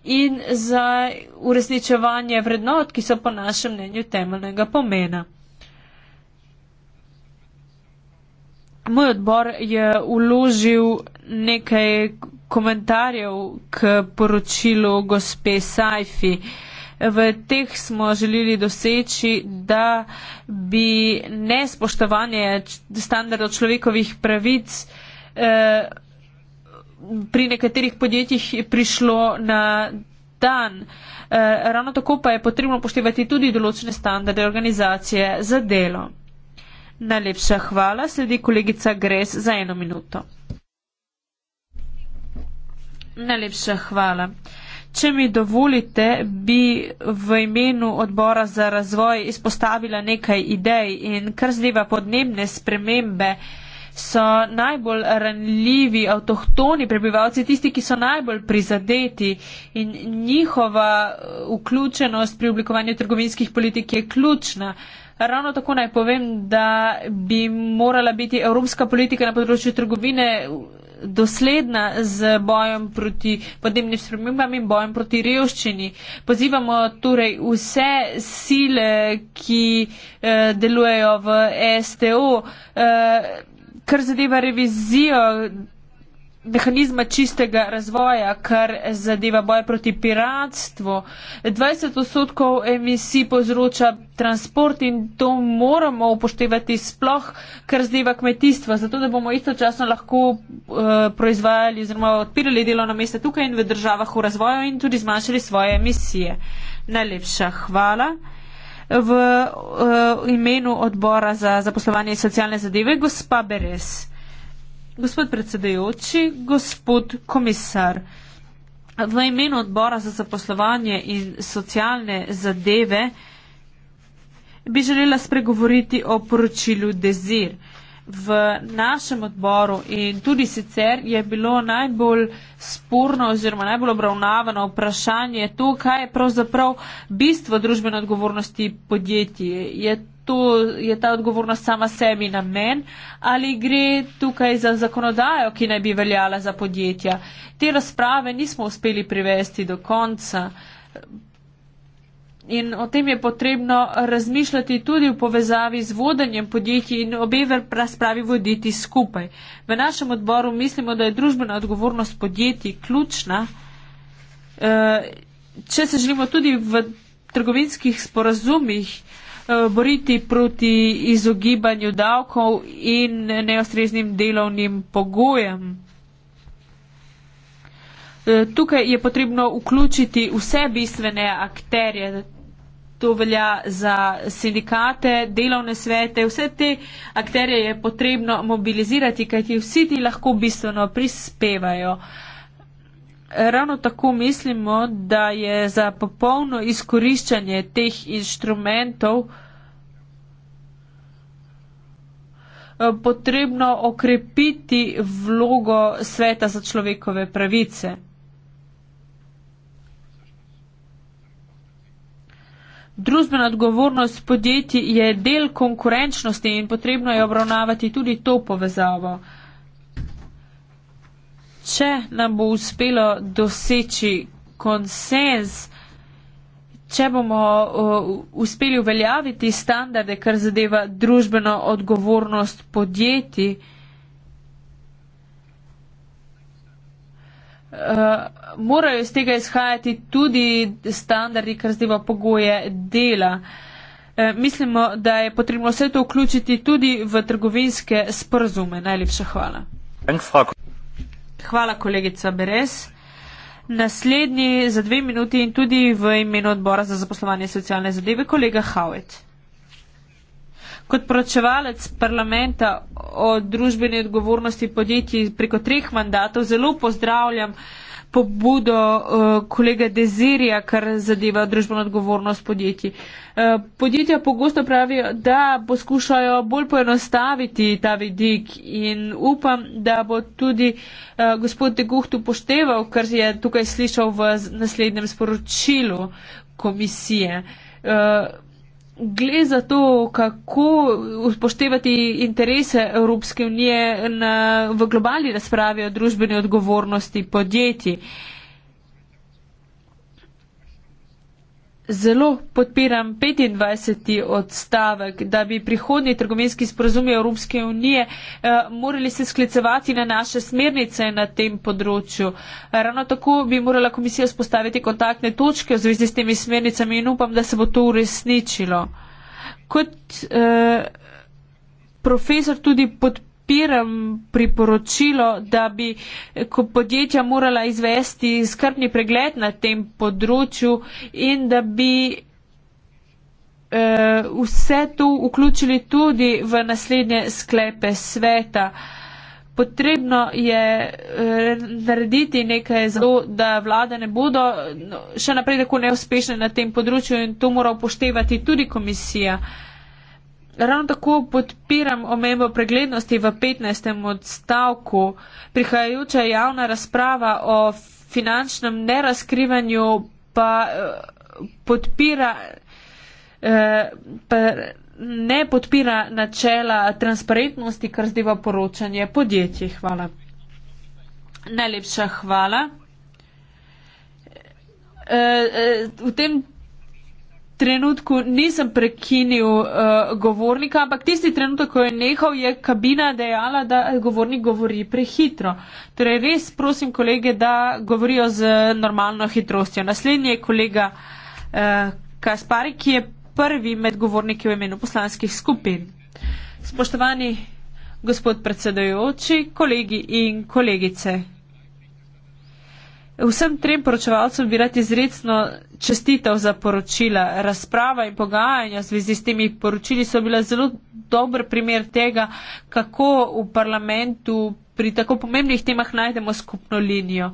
in za uresničevanje vrednot, ki so po našem mnenju temeljnega pomena. Moj odbor je uložil nekaj komentarjev k poročilu gospe Saifi. V teh smo želeli doseči, da bi nespoštovanje standardov človekovih pravic eh, pri nekaterih podjetjih prišlo na dan. Eh, ravno tako pa je potrebno poštevati tudi določene standarde organizacije za delo. Najlepša hvala, sledi kolegica Gres za eno minuto. Najlepša hvala. Če mi dovolite, bi v imenu odbora za razvoj izpostavila nekaj idej in kar zdeva podnebne spremembe so najbolj ranljivi avtohtoni prebivalci, tisti, ki so najbolj prizadeti in njihova uh, vključenost pri oblikovanju trgovinskih politik je ključna. Uh, Ravno tako naj povem, da bi morala biti evropska politika na področju trgovine dosledna z bojem proti podnebnim spremembam in bojem proti revščini. Pozivamo torej vse sile, ki eh, delujejo v STO, eh, kar zadeva revizijo mehanizma čistega razvoja, kar zadeva boj proti piratstvu. 20 odstotkov emisij povzroča transport in to moramo upoštevati sploh, kar zadeva kmetijstvo, zato da bomo istočasno lahko uh, proizvajali oziroma odpirali delovna mesta tukaj in v državah v razvoju in tudi zmanjšali svoje emisije. Najlepša hvala. V uh, imenu odbora za zaposlovanje in socialne zadeve, gospa Beres. Gospod predsedajoči, gospod komisar, v imenu odbora za zaposlovanje in socialne zadeve bi želela spregovoriti o poročilu Dezir. V našem odboru in tudi sicer je bilo najbolj sporno oziroma najbolj obravnavano vprašanje to, kaj je pravzaprav bistvo družbene odgovornosti podjetij. Je to je ta odgovornost sama sebi na men ali gre tukaj za zakonodajo, ki naj bi veljala za podjetja. Te razprave nismo uspeli privesti do konca. In o tem je potrebno razmišljati tudi v povezavi z vodenjem podjetij in obe razpravi voditi skupaj. V našem odboru mislimo, da je družbena odgovornost podjetij ključna, eh, če se želimo tudi v trgovinskih sporazumih Eh, boriti proti izogibanju davkov in neostreznim delovnim pogojem. Eh, tukaj je potrebno vključiti vse bistvene akterje. To velja za sindikate, delovne svete, vse te akterje je potrebno mobilizirati, kajti vsi ti lahko bistveno prispevajo. Uh, ravno tako mislimo, da je za popolno izkoriščanje teh inštrumentov eh, potrebno okrepiti vlogo sveta za človekove pravice. Družbena odgovornost podjetij je del konkurenčnosti in potrebno je obravnavati tudi to povezavo če nam bo uspelo doseči konsens, če bomo uh, uspeli uveljaviti standarde, kar zadeva družbeno odgovornost podjetij, Uh, morajo iz tega izhajati tudi standardi, kar zdiva pogoje dela. Uh, mislimo, da je potrebno vse to vključiti tudi v trgovinske sporazume. Najlepša hvala. Hvala, kolegica Beres. Naslednji za dve minuti in tudi v imenu odbora za zaposlovanje socialne zadeve, kolega Havet. Kot pročevalec parlamenta o družbeni odgovornosti podjetij preko treh mandatov zelo pozdravljam uh, pobudo uh, kolega Dezirja, kar zadeva družbeno odgovornost podjetij. Uh, podjetja pogosto pravijo, da poskušajo bolj poenostaviti ta vidik in upam, da bo tudi uh, gospod Deguht upošteval, kar je tukaj slišal v naslednjem sporočilu komisije. Uh, gre za to, kako upoštevati interese Evropske unije na, v globalni razpravi o družbeni odgovornosti podjetij. Zelo podpiram 25. odstavek, da bi prihodni trgovinski sporozumi Evropske unije eh, morali se sklicevati na naše smernice na tem področju. Ravno tako bi morala komisija spostaviti kontaktne točke v zvezi s temi smernicami in upam, da se bo to uresničilo. Kot eh, profesor tudi podpiram podpiram priporočilo, da bi podjetja morala izvesti skrbni pregled na tem področju in da bi eh, vse to vključili tudi v naslednje sklepe sveta. Potrebno je eh, narediti nekaj za to, da vlade ne bodo no, še naprej tako neuspešne na tem področju in to mora upoštevati tudi komisija. Uh, ravno tako podpiram omembo preglednosti v 15. odstavku. Prihajajoča javna razprava o finančnem neraskrivanju pa eh, podpira. Eh, pa ne podpira načela transparentnosti, kar zdiva poročanje podjetij. Hvala. Najlepša hvala. Eh, v tem trenutku nisem prekinil uh, govornika, ampak tisti trenutek, ko je nehal, je kabina dejala, da govornik govori prehitro. Torej, res prosim kolege, da govorijo z normalno hitrostjo. Naslednji je kolega uh, Kaspari, ki je prvi med govorniki v imenu poslanskih skupin. Spoštovani gospod predsedojoči, kolegi in kolegice. Vsem trem poročevalcem bi rad izredno čestitev za poročila. Razprava in pogajanja v zvezi s temi poročili so bila zelo dober primer tega, kako v parlamentu pri tako pomembnih temah najdemo skupno linijo.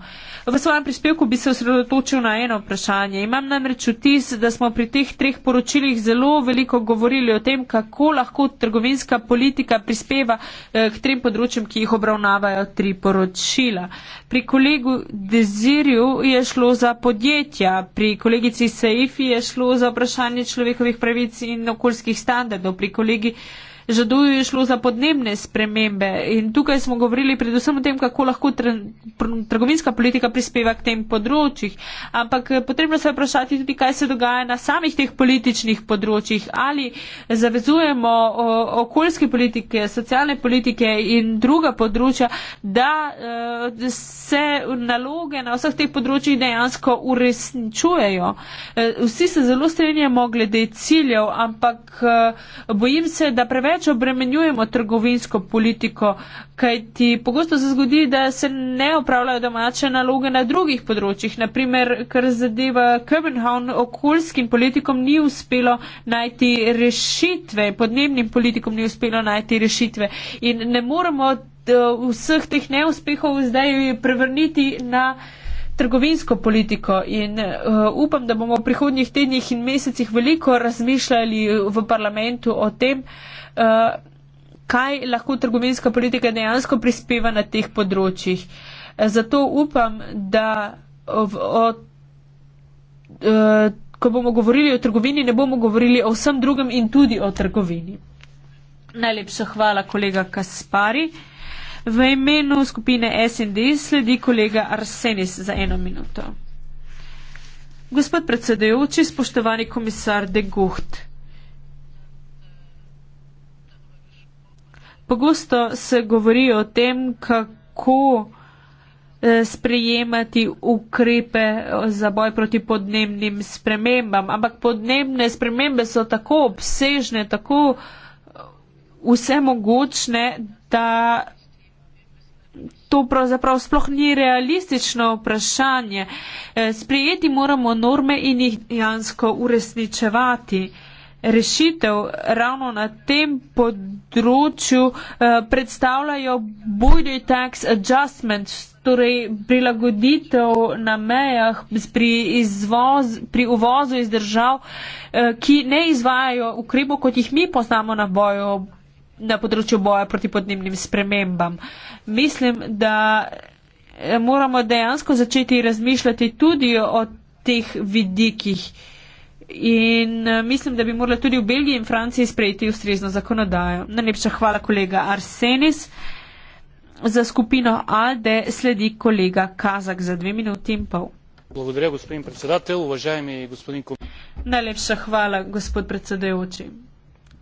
V svojem prispevku bi se osredotočil na eno vprašanje. Imam namreč vtis, da smo pri teh treh poročilih zelo veliko govorili o tem, kako lahko trgovinska politika prispeva eh, k trem področjem, ki jih obravnavajo tri poročila. Pri kolegu Dezirju je šlo za podjetja, pri kolegici Seifi je šlo za vprašanje človekovih pravic in okoljskih standardov, pri kolegi žaduju, je šlo za podnebne spremembe. In tukaj smo govorili predvsem o tem, kako lahko trgovinska politika prispeva k tem področjih. Ampak eh, potrebno se je vprašati tudi, kaj se dogaja na samih teh političnih področjih. Ali zavezujemo okoljske politike, socialne politike in druga področja, da eh, se naloge na vseh teh področjih dejansko uresničujejo. Eh, vsi se zelo strenjamo glede ciljev, ampak bojim se, da preveč preveč obremenjujemo trgovinsko politiko, kajti pogosto se zgodi, da se ne opravljajo domače naloge na drugih področjih. Naprimer, kar zadeva Copenhagen, okoljskim politikom ni uspelo najti rešitve, podnebnim politikom ni uspelo najti rešitve. In ne moremo eh, vseh teh neuspehov zdaj prevrniti na trgovinsko politiko in uh, upam, da bomo v prihodnjih tednih in mesecih veliko razmišljali v parlamentu o tem, uh, kaj lahko trgovinska politika dejansko prispeva na teh področjih. Eh, zato upam, da v, o, uh, ko bomo govorili o trgovini, ne bomo govorili o vsem drugem in tudi o trgovini. Najlepša hvala, kolega Kaspari. Uh, V imenu skupine SND sledi kolega Arsenis za eno minuto. Gospod predsedujoči, spoštovani komisar De Gucht. Pogosto se govori o tem, kako eh, sprejemati ukrepe eh, za boj proti podnebnim spremembam, ampak podnebne spremembe so tako obsežne, tako eh, vse mogočne, da To pravzaprav sploh ni realistično vprašanje. Eh, Sprijeti moramo norme in jih dejansko uresničevati. Rešitev ravno na tem področju eh, predstavljajo border tax adjustment, torej prilagoditev na mejah pri, izvoz, pri uvozu iz držav, eh, ki ne izvajajo ukrepov, kot jih mi poznamo na boju na področju boja proti podnebnim spremembam. Mislim, da eh, moramo dejansko začeti razmišljati tudi o teh vidikih. In eh, mislim, da bi morala tudi v Belgiji in Franciji sprejeti ustrezno zakonodajo. Najlepša hvala, kolega Arsenis. Za skupino ALDE sledi kolega Kazak za dve minuti in pol. Благодаря, господин председател. Уважаеми господин Комисар. Найлепша хвала, господ председател.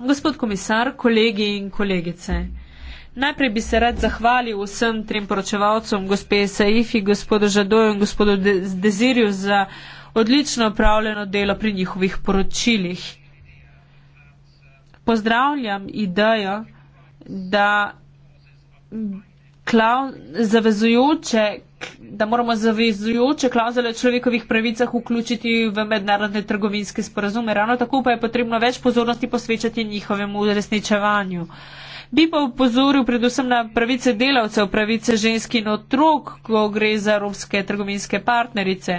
Gospod komisar, kolegi in kolegice. Najprej bi se rad zahvalil vsem trem poročevalcem, gospe Saifi, gospodu Žadoju in gospodu Dezirju za odlično upravljeno delo pri njihovih poročilih. Pozdravljam idejo, da klav, zavezujoče da moramo zavezujoče klauzule človekovih pravicah vključiti v mednarodne trgovinske sporazume. Ravno tako pa je potrebno več pozornosti posvečati njihovemu uresničevanju. Bi pa upozoril predvsem na pravice delavcev, pravice ženski in otrok, ko gre za evropske trgovinske partnerice.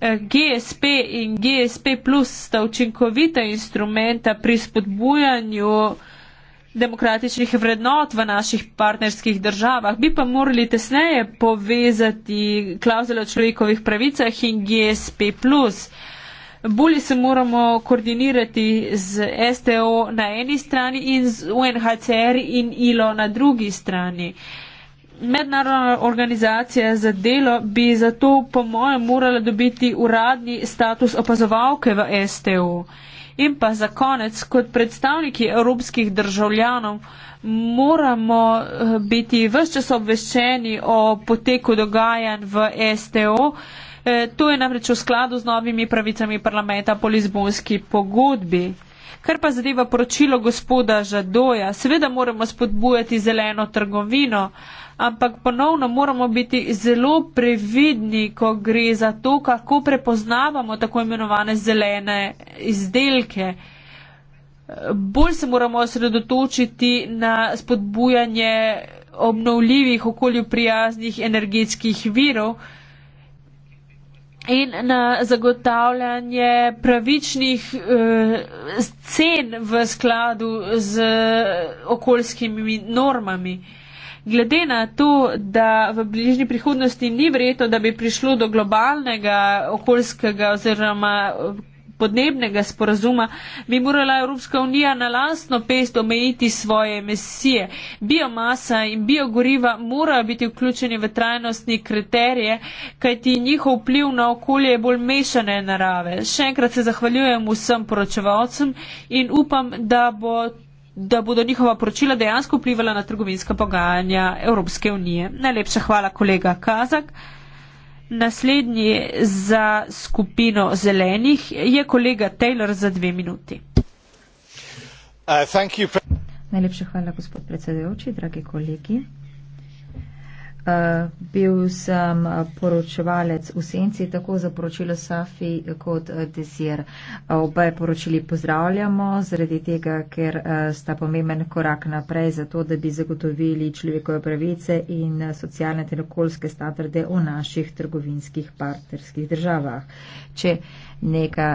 Eh, GSP in GSP plus sta učinkovita instrumenta pri spodbujanju demokratičnih vrednot v naših partnerskih državah. Bi pa morali tesneje povezati klauzule o človekovih pravicah in GSP. Bolje se moramo koordinirati z STO na eni strani in z UNHCR in ILO na drugi strani. Mednarodna organizacija za delo bi zato, po mojem, morala dobiti uradni status opazovalke v STO. In pa za konec, kot predstavniki evropskih državljanov, moramo eh, biti vse čas obveščeni o poteku dogajanj v STO. E, eh, to je namreč v skladu z novimi pravicami parlamenta po Lizbonski pogodbi. Kar pa zadeva poročilo gospoda Žadoja, seveda moramo spodbujati zeleno trgovino, ampak ponovno moramo biti zelo previdni, ko gre za to, kako prepoznavamo tako imenovane zelene izdelke. Bolj se moramo osredotočiti na spodbujanje obnovljivih okolju prijaznih energetskih virov in na zagotavljanje pravičnih eh, cen v skladu z okoljskimi normami. Glede na to, da v bližnji prihodnosti ni verjetno, da bi prišlo do globalnega okoljskega oziroma eh, podnebnega sporazuma, bi morala Evropska unija na lastno pest omejiti svoje emisije. Biomasa in biogoriva morajo biti vključeni v trajnostni kriterije, kajti njihov vpliv na okolje je bolj mešane narave. Še enkrat se zahvaljujem vsem poročevalcem in upam, da bo da bodo njihova poročila dejansko vplivala na trgovinska pogajanja Evropske unije. Najlepša hvala, kolega Kazak. Naslednji za skupino zelenih je kolega Taylor za dve minuti. Uh, Najlepša hvala, gospod predsedujoči, dragi kolegi. Eh, bil sem eh, poročevalec v senci, tako za poročilo Safi kot eh, Desir. Obe poročili pozdravljamo, zaradi tega, ker sta pomemben korak naprej za to, da bi zagotovili človekove pravice in socialne ter okoljske standarde v naših trgovinskih partnerskih državah. Če neka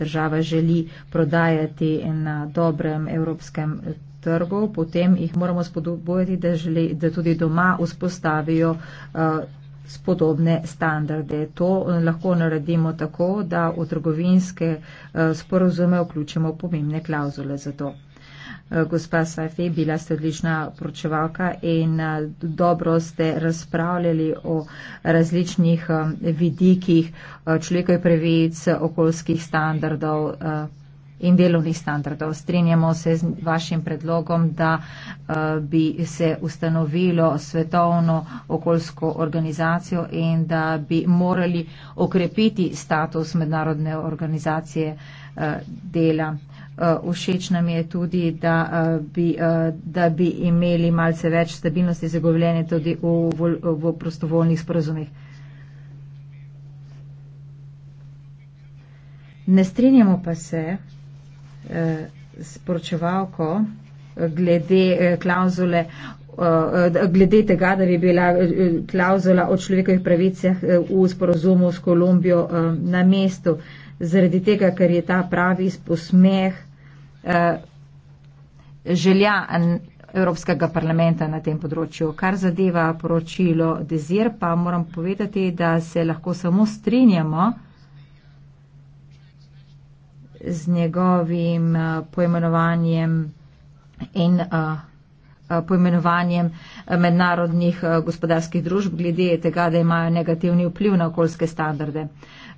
država želi prodajati na dobrem evropskem trgov, potem jih moramo spodbujati, da, želi, da tudi doma vzpostavijo uh, spodobne standarde. To eh, lahko naredimo tako, da v trgovinske uh, sporozume vključimo pomembne klauzule za to. Gospa Safi, bila ste odlična pročevalka in dobro ste razpravljali o različnih vidikih človekovih pravic, okoljskih standardov in delovnih standardov. Strinjamo se z vašim predlogom, da uh, bi se ustanovilo svetovno okoljsko organizacijo in da bi morali okrepiti status mednarodne organizacije uh, dela. Uh, všeč nam je tudi, da, uh, bi, uh, da bi imeli malce več stabilnosti zagovljene tudi v, v, v prostovoljnih sporazumih. Ne strinjamo pa se, Eh, sporočevalko eh, glede eh, klauzule, glede tega, da bi bila klauzula o človekovih pravicah v sporozumu s Kolumbijo na mestu, zaradi tega, ker je ta pravi posmeh želja Evropskega parlamenta na tem področju. Kar zadeva poročilo Dezir, pa moram povedati, da se lahko samo strinjamo, z njegovim eh, pojmenovanjem in eh, eh, pojmenovanjem mednarodnih gospodarskih družb glede tega, da imajo negativni vpliv na okoljske standarde.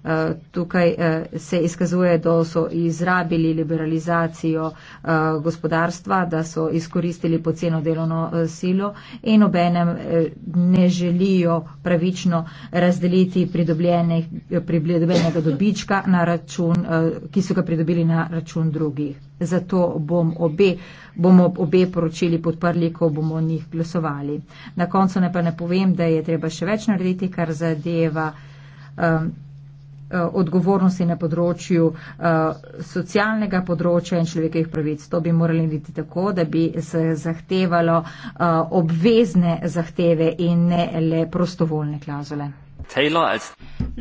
Eh, tukaj eh, se izkazuje, da so izrabili liberalizacijo eh, gospodarstva, da so izkoristili poceno delovno silo in obenem ne želijo pravično razdeliti pridobljenega dobička, račun, ki so ga pridobili na račun drugih. Zato bom obe, bomo obe poročili podprli, ko bomo o njih glasovali. Na koncu ne pa ne povem, da je treba še več narediti, kar zadeva um, Eh, odgovornosti na področju eh, socialnega področja in človekovih pravic. To bi morali narediti tako, da bi se zahtevalo eh, obvezne zahteve in ne le prostovoljne klauzule.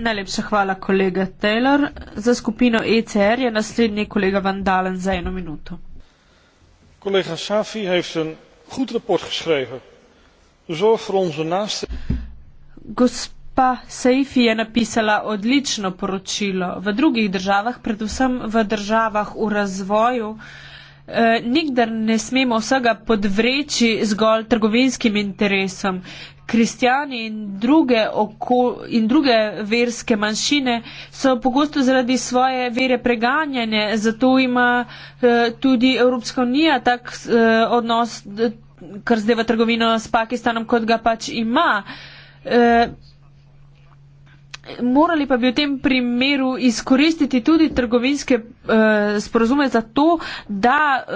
Najlepša hvala, kolega Taylor. Za skupino ECR je naslednji kolega Vandalen za eno minuto. Kolega Safi heeft een goed rapport geschreven. Zorg voor onze naaste. Gosp Pa Saifi je napisala odlično poročilo v drugih državah, predvsem v državah v razvoju. E, nikdar ne smemo vsega podvreči zgolj trgovinskim interesom. Kristijani in, in druge verske manjšine so pogosto zaradi svoje vere preganjene, zato ima e, tudi Evropska unija tak e, odnos, kar zdaj v trgovino s Pakistanom, kot ga pač ima. E, Morali pa bi v tem primeru izkoristiti tudi trgovinske Eh, sporozume za to, da eh,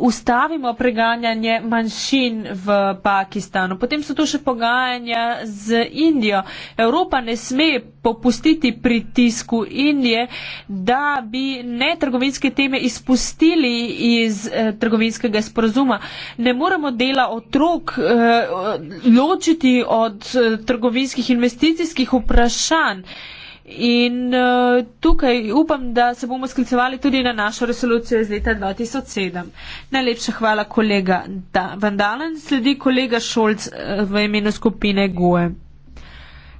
ustavimo preganjanje manjšin v Pakistanu. Potem so tu še pogajanja z Indijo. Evropa ne sme popustiti pritisku Indije, da bi netrgovinske teme izpustili iz eh, trgovinskega sporozuma. Ne moramo dela otrok ločiti od trgovinskih investicijskih vprašanj. In uh, tukaj upam, da se bomo sklicevali tudi na našo resolucijo iz leta 2007. Najlepša hvala, kolega da Vandalen. Sledi kolega Šolc uh, v imenu skupine GUE.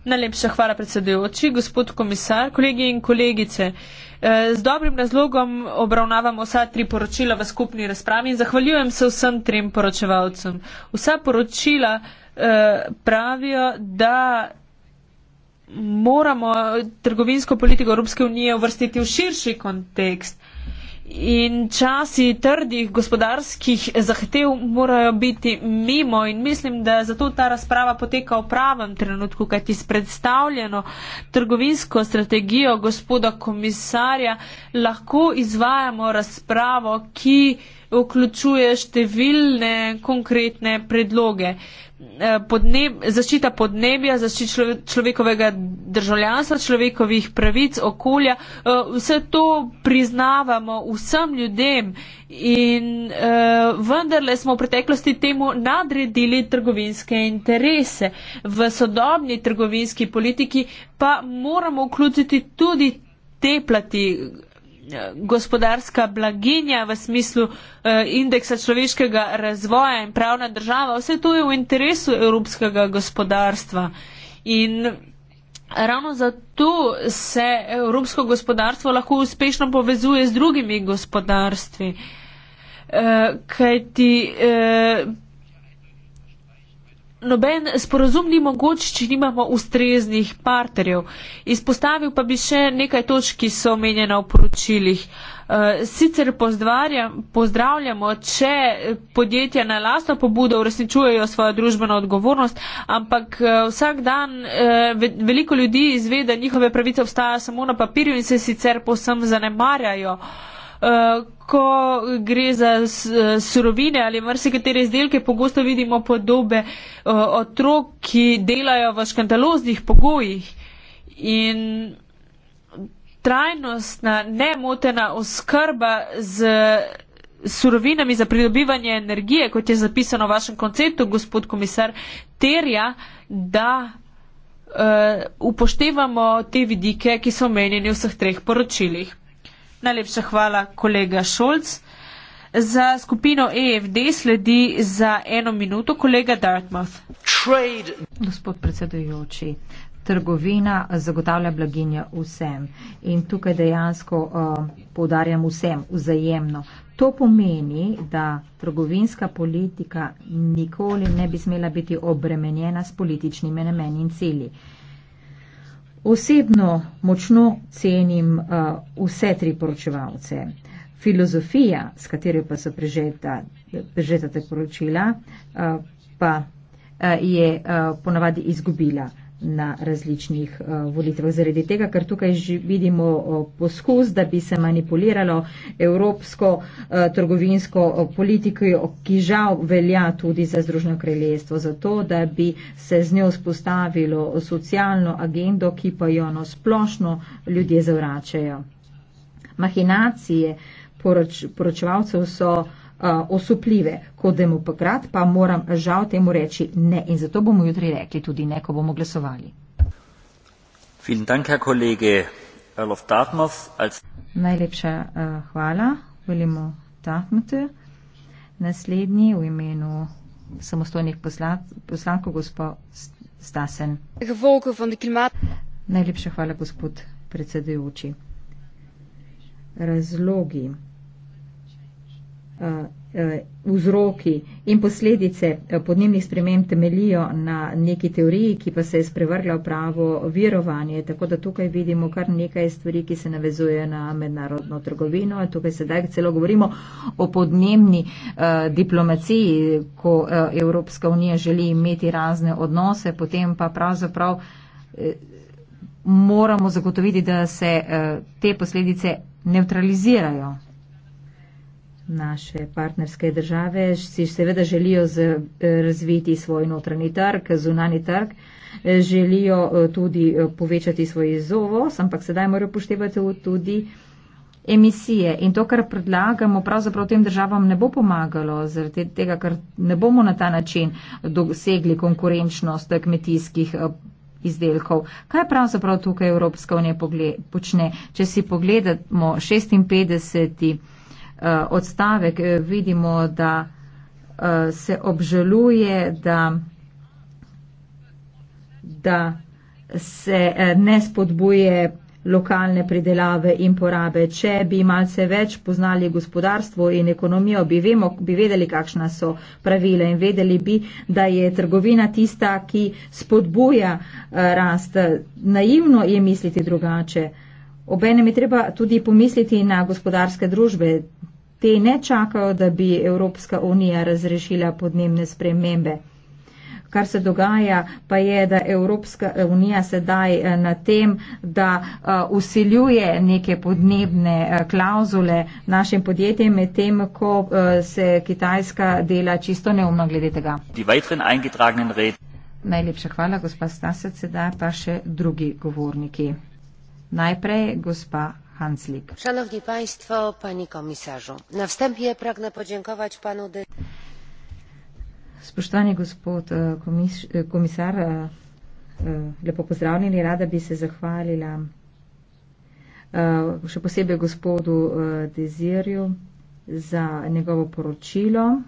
Najlepša hvala, predsedujoči, gospod komisar, kolegi in kolegice. Eh, z dobrim razlogom obravnavamo vsa tri poročila v skupni razpravi in zahvaljujem se vsem trem poročevalcem. Vsa poročila eh, pravijo, da moramo eh, trgovinsko politiko Evropske unije uvrstiti v širši kontekst. In časi trdih gospodarskih zahtev morajo biti mimo in mislim, da zato ta razprava poteka v pravem trenutku, kajti s predstavljeno trgovinsko strategijo gospoda komisarja lahko izvajamo razpravo, ki vključuje številne konkretne predloge. Eh, podneb, zaščita podnebja, zaščita človek, človekovega državljanstva, človekovih pravic, okolja. Eh, vse to priznavamo vsem ljudem in eh, vendarle smo v preteklosti temu nadredili trgovinske interese. V sodobni trgovinski politiki pa moramo vključiti tudi te plati gospodarska blaginja v smislu eh, indeksa človeškega razvoja in pravna država, vse to je v interesu evropskega gospodarstva. In ravno zato se evropsko gospodarstvo lahko uspešno povezuje z drugimi gospodarstvi. Eh, Kaj ti eh, noben sporozum ni mogoč, če nimamo ustreznih partnerjev. Izpostavil pa bi še nekaj točk, ki so omenjena v poročilih. Eh, sicer pozdravljamo, če podjetja na lastno pobudo uresničujejo svojo družbeno odgovornost, ampak eh, vsak dan eh, veliko ljudi izve, da njihove pravice obstajajo samo na papirju in se sicer posem zanemarjajo. Eh, ko gre za surovine ali marsikatere izdelke, pogosto vidimo podobe eh, otrok, ki delajo v škandaloznih pogojih in trajnostna, nemotena oskrba z surovinami za pridobivanje energije, kot je zapisano v vašem konceptu, gospod komisar, terja, da uh, upoštevamo te vidike, ki so omenjeni v vseh treh poročilih. Najlepša hvala, kolega Šolc. Za skupino EFD sledi za eno minuto kolega Dartmouth. Trade. Gospod predsedujoči, trgovina zagotavlja blaginjo vsem in tukaj dejansko uh, poudarjam vsem vzajemno. To pomeni, da trgovinska politika nikoli ne bi smela biti obremenjena s političnimi nameni in cilji. Uh, Osebno močno cenim uh, vse tri poročevalce. Filozofija, s katero pa so prežeta, prežeta te poročila, uh, pa uh, je uh, ponavadi izgubila na različnih uh, volitvah. Zaradi tega, ker tukaj že vidimo uh, poskus, da bi se manipuliralo evropsko uh, trgovinsko uh, politiko, ki žal velja tudi za Združeno kraljestvo, zato da bi se z njo spostavilo socialno agendo, ki pa jo na splošno ljudje zavračajo. Mahinacije poroč, poročevalcev so uh, osupljive. Kot demokrat pa moram žal temu reči ne in zato bomo jutri rekli tudi ne, ko bomo glasovali. Najlepša uh, hvala, Velimo Tatmute. Naslednji v imenu samostojnih poslankov, gospod Stasen. Najlepša hvala, gospod predsedujoči. Razlogi. Eh, eh, vzroki in posledice eh, podnebnih sprememb temelijo na neki teoriji, ki pa se je sprevrgla v pravo virovanje. Tako da tukaj vidimo kar nekaj stvari, ki se navezuje na mednarodno trgovino. Tukaj sedaj celo govorimo o podnebni eh, diplomaciji, ko eh, Evropska unija želi imeti razne odnose, potem pa pravzaprav eh, moramo zagotoviti, da se eh, te posledice neutralizirajo naše partnerske države si seveda želijo eh, razviti svoj notranji trg, zunani trg, eh, želijo eh, tudi povečati svoj izovos, ampak sedaj morajo poštevati tudi emisije. In to, kar predlagamo, pravzaprav tem državam ne bo pomagalo, zaradi tega, ker ne bomo na ta način dosegli konkurenčnost kmetijskih izdelkov. Kaj pravzaprav tukaj Evropska unija počne? Če si pogledamo 56. Eh, odstavek eh, vidimo, da eh, se obžaluje, da, da se ne spodbuje lokalne pridelave in porabe. Če bi malce več poznali gospodarstvo in ekonomijo, bi, vemo, bi vedeli, kakšna so pravila in vedeli bi, da je trgovina tista, ki spodbuja rast. Naivno je misliti drugače. Obenem je treba tudi pomisliti na gospodarske družbe te ne čakajo, da bi Evropska unija razrešila podnebne spremembe. Kar se dogaja, pa je, da Evropska unija sedaj eh, na tem, da eh, usiljuje neke podnebne eh, klauzule našim podjetjem, medtem ko se Kitajska dela čisto neumno glede tega. Najlepša hvala, gospa Stasec, sedaj pa še drugi govorniki. Najprej gospa szanowni państwo panie komisarzu na wstępie pragnę podziękować panu de Spoštovani gospod e, komis, e, komisar, e, lepo pozdravljeni. Rada bi se zahvalila še posebej gospodu Dezirju za njegovo poročilo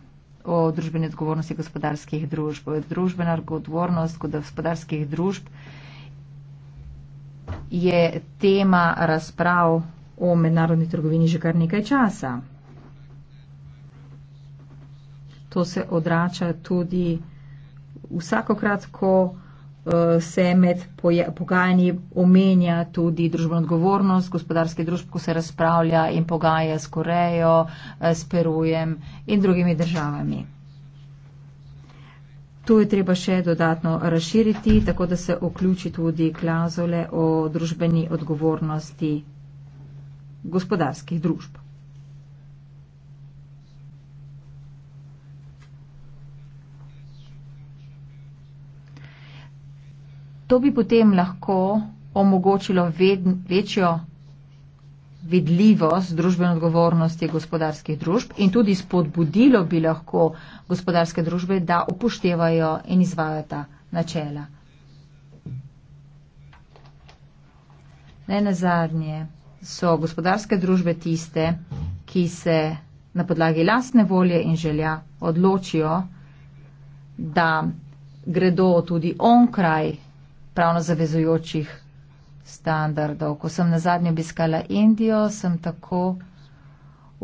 o družbeni odgovornosti gospodarskih družb. Družbena odgovornost kot gospodarskih družb je tema razprav o mednarodni trgovini že kar nekaj časa. To se odrača tudi vsakokrat, ko eh, se med pogajanji omenja tudi družbeno odgovornost, gospodarske družbe, ko se razpravlja in pogaja s Korejo, eh, s Perujem in drugimi državami. To je treba še dodatno razširiti, tako da se vključi tudi klauzule o družbeni odgovornosti gospodarskih družb. To bi potem lahko omogočilo večjo vidljivost družbene odgovornosti gospodarskih družb in tudi spodbudilo bi lahko gospodarske družbe, da upoštevajo in izvajo ta načela. Ne na zadnje so gospodarske družbe tiste, ki se na podlagi lastne volje in želja odločijo, da gredo tudi onkraj pravno zavezujočih standardov. Ko sem na zadnji obiskala Indijo, sem tako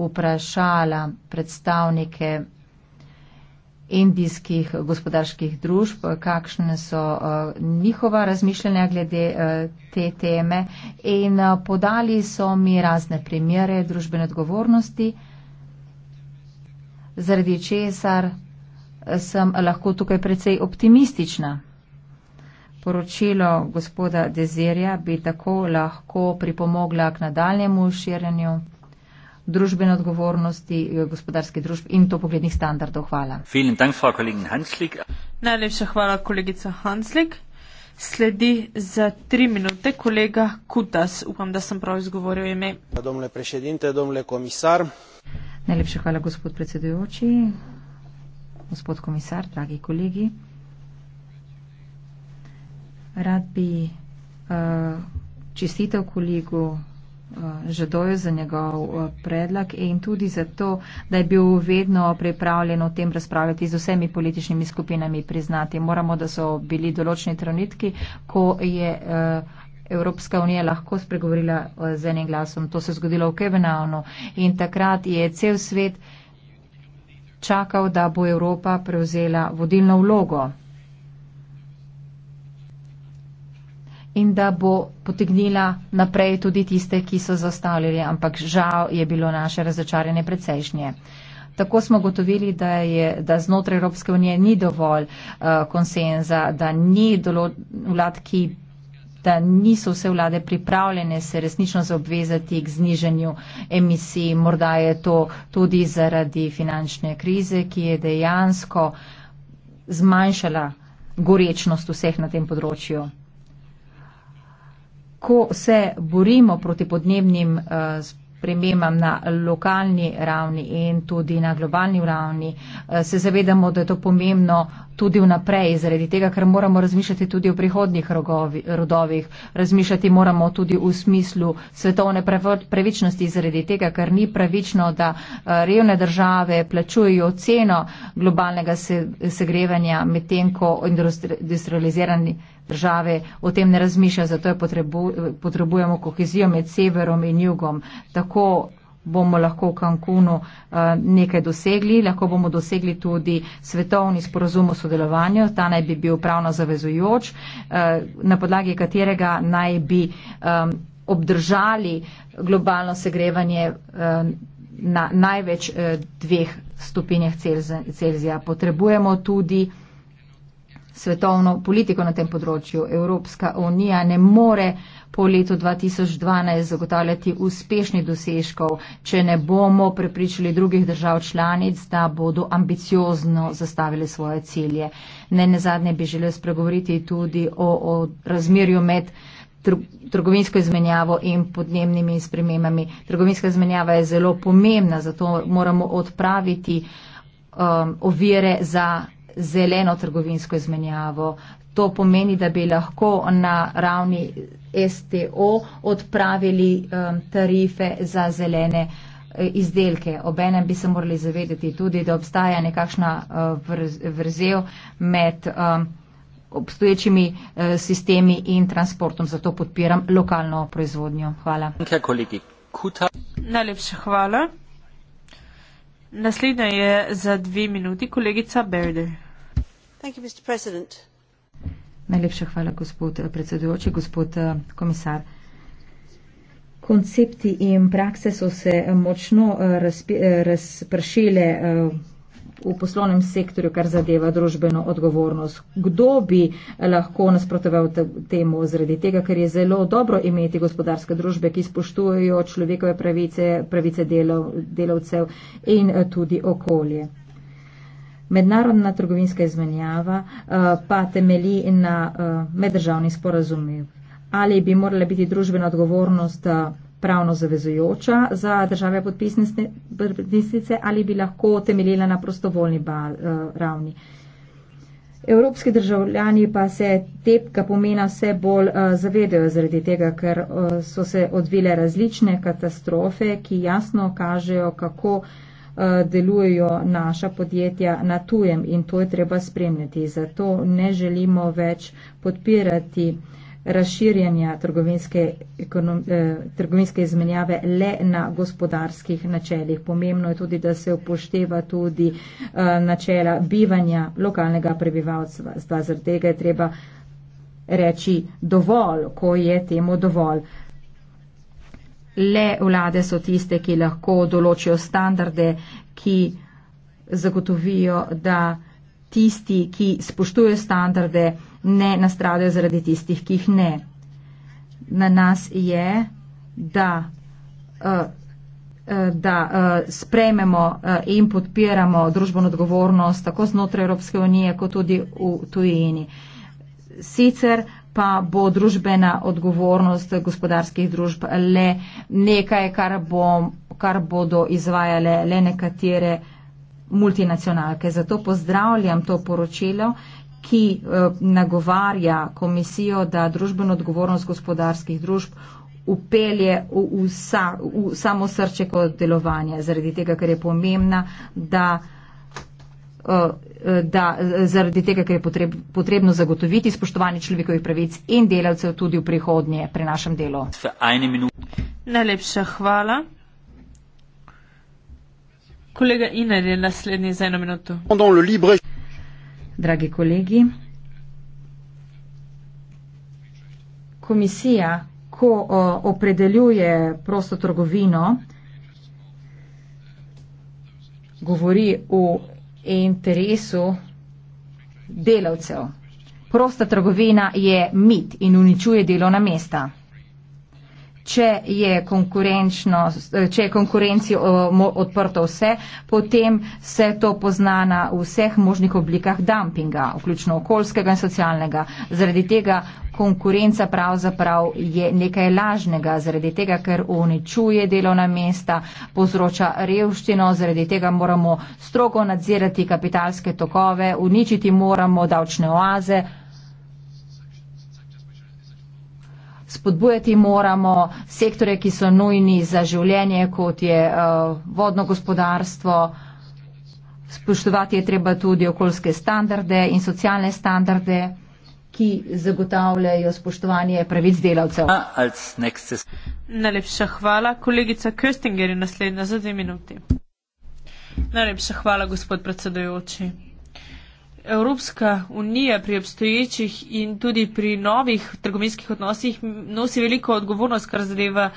vprašala predstavnike indijskih gospodarskih družb, kakšne so uh, njihova razmišljanja glede uh, te teme in uh, podali so mi razne primere družbene odgovornosti, zaradi česar sem lahko tukaj precej optimistična. Poročilo gospoda Dezirja bi tako lahko pripomogla k nadaljemu širjenju družbene odgovornosti eh, gospodarskih družb in to poglednih standardov. Hvala. Najlepša hvala, kolegica Hanslik. Sledi za tri minute kolega Kutas. Upam, da sem prav izgovoril ime. Domle prešedinte, domle komisar. Najlepša hvala, gospod predsedujoči, gospod komisar, dragi kolegi. Rad bi uh, čestitev kolegu uh, Žadoju za njegov uh, eh, predlag in tudi za to, da je bil vedno pripravljen o tem razpravljati z vsemi političnimi skupinami priznati. Moramo, da so bili določeni trenutki, ko je. Uh, Evropska unija lahko spregovorila z enim glasom. To se je zgodilo v Kebenavnu in takrat je cel svet čakal, da bo Evropa prevzela vodilno vlogo. in da bo potegnila naprej tudi tiste, ki so zastavljali, ampak žal je bilo naše razočaranje precejšnje. Tako smo gotovili, da, je, da znotraj Evropske unije ni dovolj uh, konsenza, da, ni vlad, ki, da niso vse vlade pripravljene se resnično zaobvezati k zniženju emisij. Morda je to tudi zaradi finančne krize, ki je dejansko zmanjšala gorečnost vseh na tem področju ko se borimo proti podnebnim eh, spremembam na lokalni ravni in tudi na globalni ravni, eh, se zavedamo, da je to pomembno tudi vnaprej, zaradi tega, ker moramo razmišljati tudi o prihodnih rogovi, rodovih, razmišljati moramo tudi v smislu svetovne pravičnosti, zaradi tega, ker ni pravično, da eh, revne države plačujejo ceno globalnega segrevanja, medtem ko industrializirani države o tem ne razmišljajo, zato potrebujemo kohezijo med severom in jugom. Tako bomo lahko v Cancunu eh, nekaj dosegli, lahko bomo dosegli tudi svetovni sporozum o sodelovanju, ta naj bi bil pravno zavezujoč, eh, na podlagi katerega naj bi obdržali globalno segrevanje na največ eh, dveh stopinjah Celzija. Potrebujemo tudi svetovno politiko na tem področju. Evropska unija ne more po letu 2012 zagotavljati uspešnih dosežkov, če ne bomo prepričali drugih držav članic, da bodo ambiciozno zastavili svoje cilje. Ne nazadnje bi želel spregovoriti tudi o, o razmerju med trgovinsko izmenjavo in podnebnimi spremembami. Trgovinska izmenjava je zelo pomembna, zato moramo odpraviti um, ovire za zeleno trgovinsko izmenjavo. To pomeni, da bi lahko na ravni STO odpravili um, tarife za zelene eh, izdelke. Obenem bi se morali zavedati tudi, da obstaja nekakšna uh, eh, vr vrzel med um, obstoječimi uh, sistemi in transportom. Zato podpiram lokalno proizvodnjo. Hvala. Najlepša hvala. Naslednja je za dve minuti kolegica Berde. Thank you, Mr. President. Najlepša hvala, gospod eh, predsedujoči, gospod eh, komisar. Koncepti in prakse so se eh, močno razpršile v poslovnem sektorju, kar zadeva družbeno odgovornost. Kdo bi lahko nasprotoval temu zredi tega, ker je zelo dobro imeti gospodarske družbe, ki spoštujejo človekove pravice, pravice delov, delovcev in tudi okolje? mednarodna trgovinska izmenjava eh, pa temelji na eh, meddržavni sporazumi. Ali bi morala biti družbena odgovornost eh, pravno zavezujoča za države podpisnice ali bi lahko temeljila na prostovoljni ravni. Evropski državljani pa se tepka pomena vse bolj zavedajo zaradi tega, ker so se odvile različne katastrofe, ki jasno kažejo, kako Eh, delujejo naša podjetja na tujem in to je treba spremljati. Zato ne želimo več podpirati razširjanja trgovinske, ekonom, eh, trgovinske izmenjave le na gospodarskih načeljih. Pomembno je tudi, da se upošteva tudi eh, načela bivanja lokalnega prebivalstva. Zdaj, zaradi tega je treba reči dovolj, ko je temu dovolj. Eh, le vlade so tiste, ki lahko določijo standarde, ki zagotovijo, da tisti, ki spoštujejo standarde, ne nastradajo zaradi tistih, ki jih ne. Na nas je, da, eh, eh, da eh, sprejmemo in podpiramo družbeno odgovornost tako znotraj Evropske unije, kot tudi v tujini. Sicer pa bo družbena odgovornost gospodarskih družb le nekaj, kar, bo, kar bodo izvajale le nekatere multinacionalke. Zato pozdravljam to poročilo, ki eh, nagovarja komisijo, da družbeno odgovornost gospodarskih družb upelje v, vsa, v samo srčeko delovanja, zaradi tega, ker je pomembna, da Eh, eh, da eh, zaradi tega, ker je potreb, potrebno zagotoviti spoštovanje človekovih pravic in delavcev tudi v prihodnje pri našem delu. Najlepša hvala. Kolega Iner je naslednji za eno minuto. Dragi kolegi, komisija, ko o, opredeljuje prosto trgovino, govori o interesu delavcev. Prosta trgovina je mit in uničuje delovna mesta če je konkurenčno, če je konkurenci odprto vse, potem se to pozna na vseh možnih oblikah dumpinga, vključno okoljskega in socialnega. Zaradi tega konkurenca pravzaprav je nekaj lažnega, zaradi tega, ker uničuje delovna mesta, povzroča revščino, zaradi tega moramo strogo nadzirati kapitalske tokove, uničiti moramo davčne oaze. spodbujati moramo sektore, ki so nujni za življenje, kot je uh, vodno gospodarstvo. Spoštovati je treba tudi okoljske standarde in socialne standarde, ki zagotavljajo spoštovanje pravic delavcev. Najlepša hvala. Kolegica Köstinger je naslednja za dve minuti. Najlepša hvala, gospod predsedujoči. Evropska unija pri obstoječih in tudi pri novih trgovinskih odnosih nosi veliko odgovornost, kar zadeva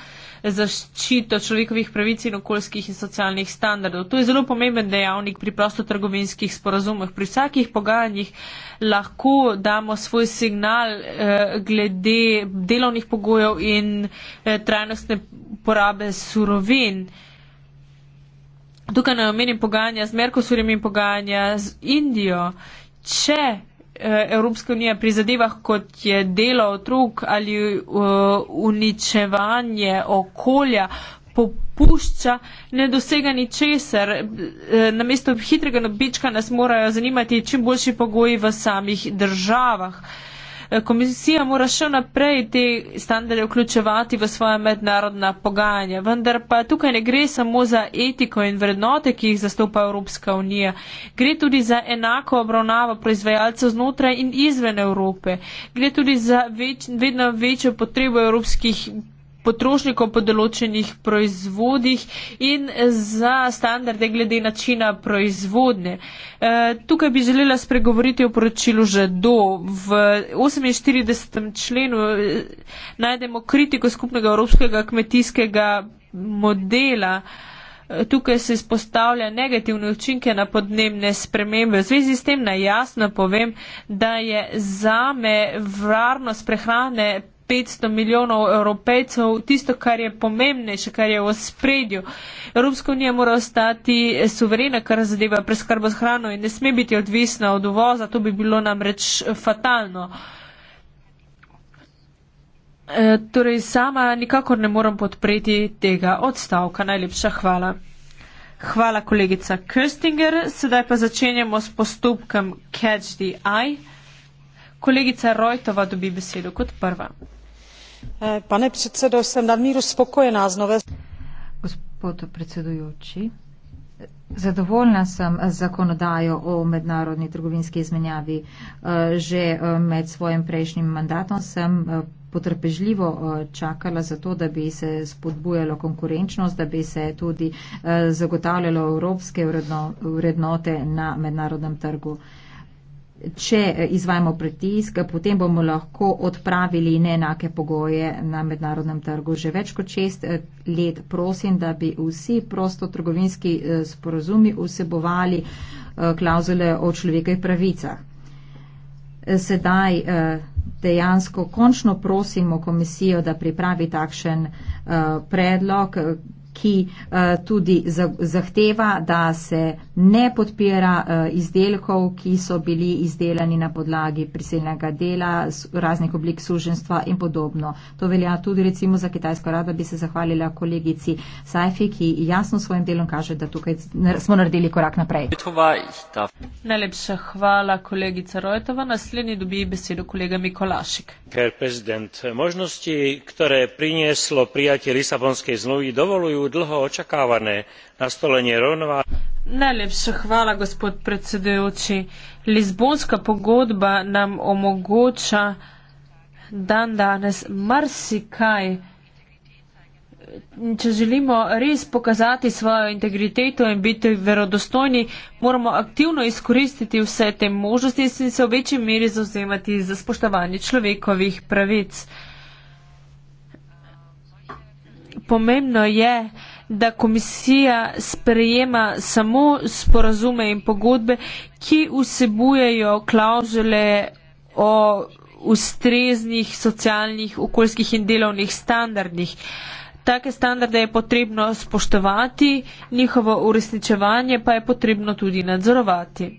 zaščito človekovih pravic in okoljskih in socialnih standardov. To je zelo pomemben dejavnik pri prostotrgovinskih sporazumih. Pri vsakih pogajanjih lahko damo svoj signal eh, glede delovnih pogojev in eh, trajnostne porabe surovin. Eh, tukaj naj omenim pogajanja z Merkosurjem in pogajanja z Indijo. Če eh, Evropska unija pri zadevah, kot je delo otrok ali eh, uničevanje okolja, popušča, ne dosega ni česar. Eh, Na mesto hitrega nabička nas morajo zanimati čim boljši pogoji v samih državah. Eh, komisija mora še naprej te standarde vključevati v svoje mednarodna pogajanja. Vendar pa tukaj ne gre samo za etiko in vrednote, ki jih zastopa Evropska unija. Gre tudi za enako obravnavo proizvajalcev znotraj in izven Evrope. Gre tudi za več, vedno večjo potrebo evropskih potrošnikov po določenih proizvodih in za standarde glede načina proizvodne. E, tukaj bi želela spregovoriti o poročilu že do. V 48. členu e, najdemo kritiko skupnega evropskega kmetijskega modela. E, tukaj se izpostavlja negativne učinke na podnebne spremembe. V zvezi s tem najjasno povem, da je zame varnost prehrane 500 milijonov evropejcev, tisto, kar je pomembnejše, kar je v spredju. Evropska unija mora ostati suverena, kar zadeva preskrbo z hrano in ne sme biti odvisna od uvoza, to bi bilo namreč fatalno. E, torej, sama nikakor ne moram podpreti tega odstavka. Najlepša hvala. Hvala, kolegica Köstinger. Sedaj pa začenjamo s postopkom Catch the Eye. Kolegica Rojtova dobi besedo kot prva. Eh, pane predsedo sem nadmiru spokojená z nové gospod predsedujoči Zadovoljna sem z zakonodajo o mednarodni trgovinski izmenjavi. Eh, že eh, med svojim prejšnjim mandatom sem potrpežljivo čakala za to, da bi se spodbujalo konkurenčnost, da bi se tudi zagotavljalo evropske vrednote na mednarodnem trgu. Če eh, izvajamo pritisk, potem bomo lahko odpravili neenake pogoje na mednarodnem trgu. Že več kot šest eh, let prosim, da bi vsi prostotrgovinski eh, sporozumi vsebovali klauzule o človekovih pravicah. Sedaj dejansko končno prosimo komisijo, da pripravi takšen predlog, ki eh, tudi zahteva, da se ne podpira eh, izdelkov, ki so bili izdelani na podlagi prisilnega dela, raznih oblik suženstva in podobno. To velja tudi recimo za Kitajsko. Rada bi se zahvalila kolegici Saifi, ki jasno svojim delom kaže, da tukaj smo naredili korak naprej. Najlepša hvala kolegica Rojtova. Naslednji dobi besedo kolega Mikolašik. Ker prezident, eh, možnosti, ktoré prinieslo prijatie Lisabonskej zmluvy, dovolujú dlho očakávané nastolenie rovnováhy. Najlepšie chvála, gospod predsedujúci. Lisbonská pogodba nám omogúča dan danes marsikaj. Če želimo res pokazati svojo integriteto in biti verodostojni, moramo aktivno izkoristiti vse te možnosti in se v večji meri zauzemati za spoštovanje človekovih pravic pomembno je, da komisija sprejema samo sporazume in pogodbe, ki vsebujejo klauzule o ustreznih socialnih, okoljskih in delovnih standardih. Take standarde je potrebno spoštovati, njihovo uresničevanje pa je potrebno tudi nadzorovati.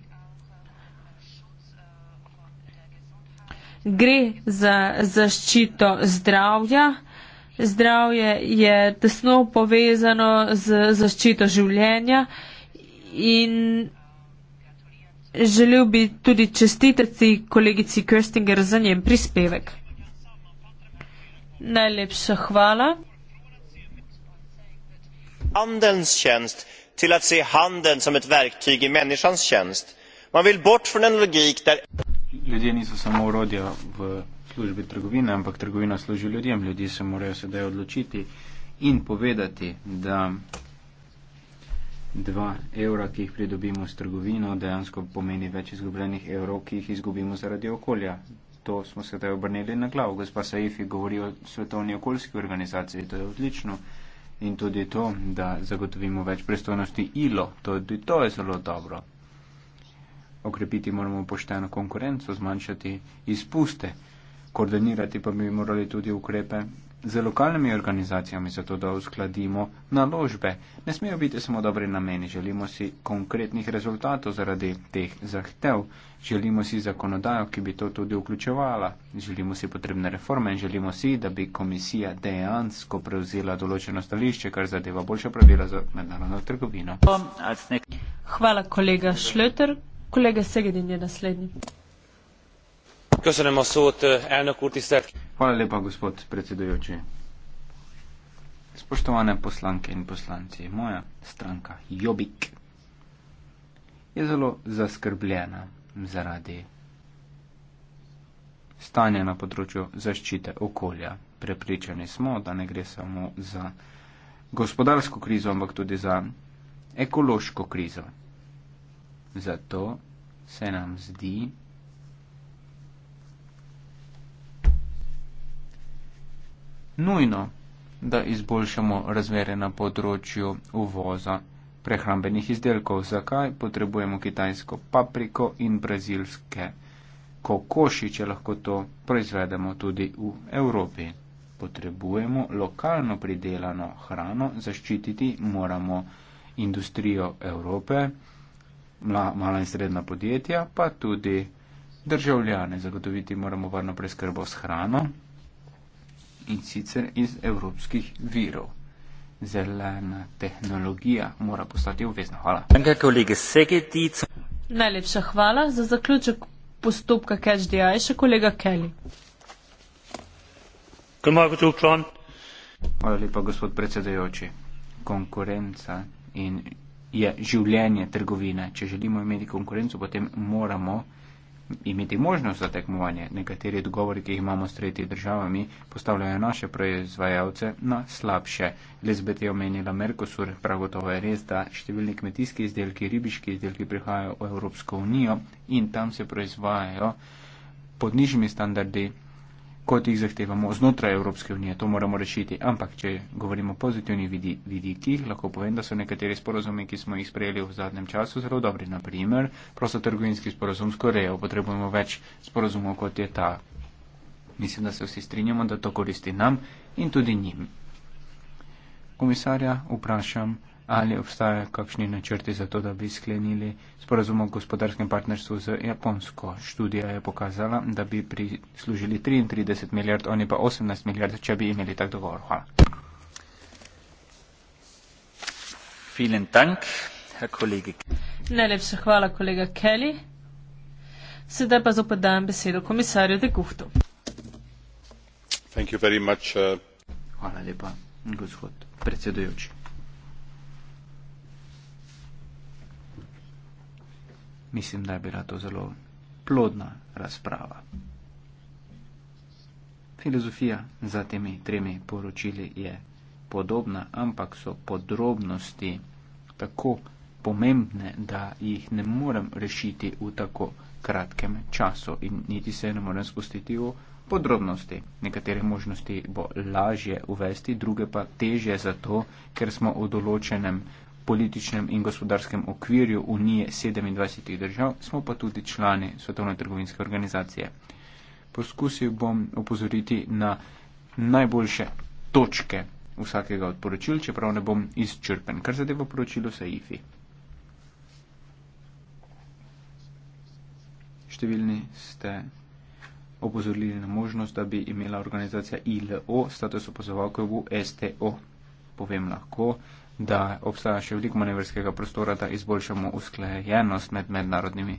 Gre za zaščito zdravja. Zdravje je tesno povezano z zaščito življenja in želel bi tudi čestitati kolegici Köstinger za njen prispevek. Najlepša hvala. Handelns tjänst till att se handeln som ett verktyg i människans tjänst. Man vill bort från en logik där... Ljudje nisu samo urodja v službi trgovine, ampak trgovina služi ljudem. Ljudje se morajo sedaj odločiti in povedati, da dva evra, ki jih pridobimo s trgovino, dejansko pomeni več izgubljenih evrov, ki jih izgubimo zaradi okolja. To smo sedaj obrnili na glav. Gospa Saifi govori o svetovni okoljski organizaciji, to je odlično. In tudi to, da zagotovimo več pristojnosti ILO, tudi to je zelo dobro. Okrepiti moramo pošteno konkurenco, zmanjšati izpuste koordinirati pa bi morali tudi ukrepe z lokalnimi organizacijami, zato da uskladimo naložbe. Ne smejo biti samo dobre nameni, želimo si konkretnih rezultatov zaradi teh zahtev, želimo si zakonodajo, ki bi to tudi vključevala, želimo si potrebne reforme in želimo si, da bi komisija dejansko prevzela določeno stališče, kar zadeva boljša pravila za mednarodno trgovino. Hvala, kolega Šleter. Kolega Segedin je naslednji. Köszönöm a szót, elnök úr, tisztelt... Hvala lepa, gospod predsedujoči. Spoštovane poslanke in poslanci, moja stranka Jobik je zelo zaskrbljena zaradi stanja na področju zaščite okolja. Prepričani smo, da ne gre samo za gospodarsko krizo, ampak tudi za ekološko krizo. Zato se nam zdi, nujno, da izboljšamo razmere na področju uvoza prehrambenih izdelkov. Zakaj potrebujemo kitajsko papriko in brazilske kokoši, če lahko to proizvedemo tudi v Evropi? Potrebujemo lokalno pridelano hrano, zaščititi moramo industrijo Evrope, mala in srednja podjetja, pa tudi državljane. Zagotoviti moramo varno preskrbo s hrano, in sicer iz evropskih virov. Zelena tehnologija mora postati obvezna. Hvala. Najlepša hvala za zaključek postopka CatchDI, še kolega Kelly. Hvala lepa, gospod predsedajoči. Konkurenca in je življenje trgovine. Če želimo imeti konkurenco, potem moramo imeti možnost za tekmovanje. Nekateri dogovori, ki jih imamo s tretji državami, postavljajo naše proizvajalce na slabše. Lizbet je omenila Merkosur, prav gotovo je res, da številni kmetijski izdelki, ribiški izdelki prihajajo v Evropsko unijo in tam se proizvajajo pod nižjimi standardi kot jih zahtevamo znotraj Evropske unije. To moramo rešiti. Ampak, če govorimo o pozitivnih vidikih, lahko povem, da so nekateri sporozumi, ki smo jih sprejeli v zadnjem času, zelo dobri. Naprimer, prostotrgovinski sporozum s Korejo. Potrebujemo več sporozumov, kot je ta. Mislim, da se vsi strinjamo, da to koristi nam in tudi njim. Komisarja vprašam ali obstajajo kakšni načrti za to, da bi sklenili sporazum o gospodarskem partnerstvu z Japonsko. Študija je pokazala, da bi prislužili 33 milijard, oni pa 18 milijard, če bi imeli tak dogovor. Hvala. Najlepša hvala, kolega Kelly. Sedaj pa zopet dajem besedo komisarju de Guhtu. Uh, hvala lepa, gospod predsedujoči. mislim, da je bila to zelo plodna razprava. Filozofija za temi tremi poročili je podobna, ampak so podrobnosti tako pomembne, da jih ne morem rešiti v tako kratkem času in niti se ne morem spustiti v podrobnosti. Nekatere možnosti bo lažje uvesti, druge pa teže zato, ker smo v določenem političnem in gospodarskem okvirju Unije 27 držav, smo pa tudi člani Svetovne trgovinske organizacije. Poskusil bom opozoriti na najboljše točke vsakega od poročil, čeprav ne bom izčrpen, kar zadeva poročilo SAIFI. Številni ste opozorili na možnost, da bi imela organizacija ILO status opozovalke v STO. Povem lahko, da obstaja še veliko manevrskega prostora, da izboljšamo usklejenost med mednarodnimi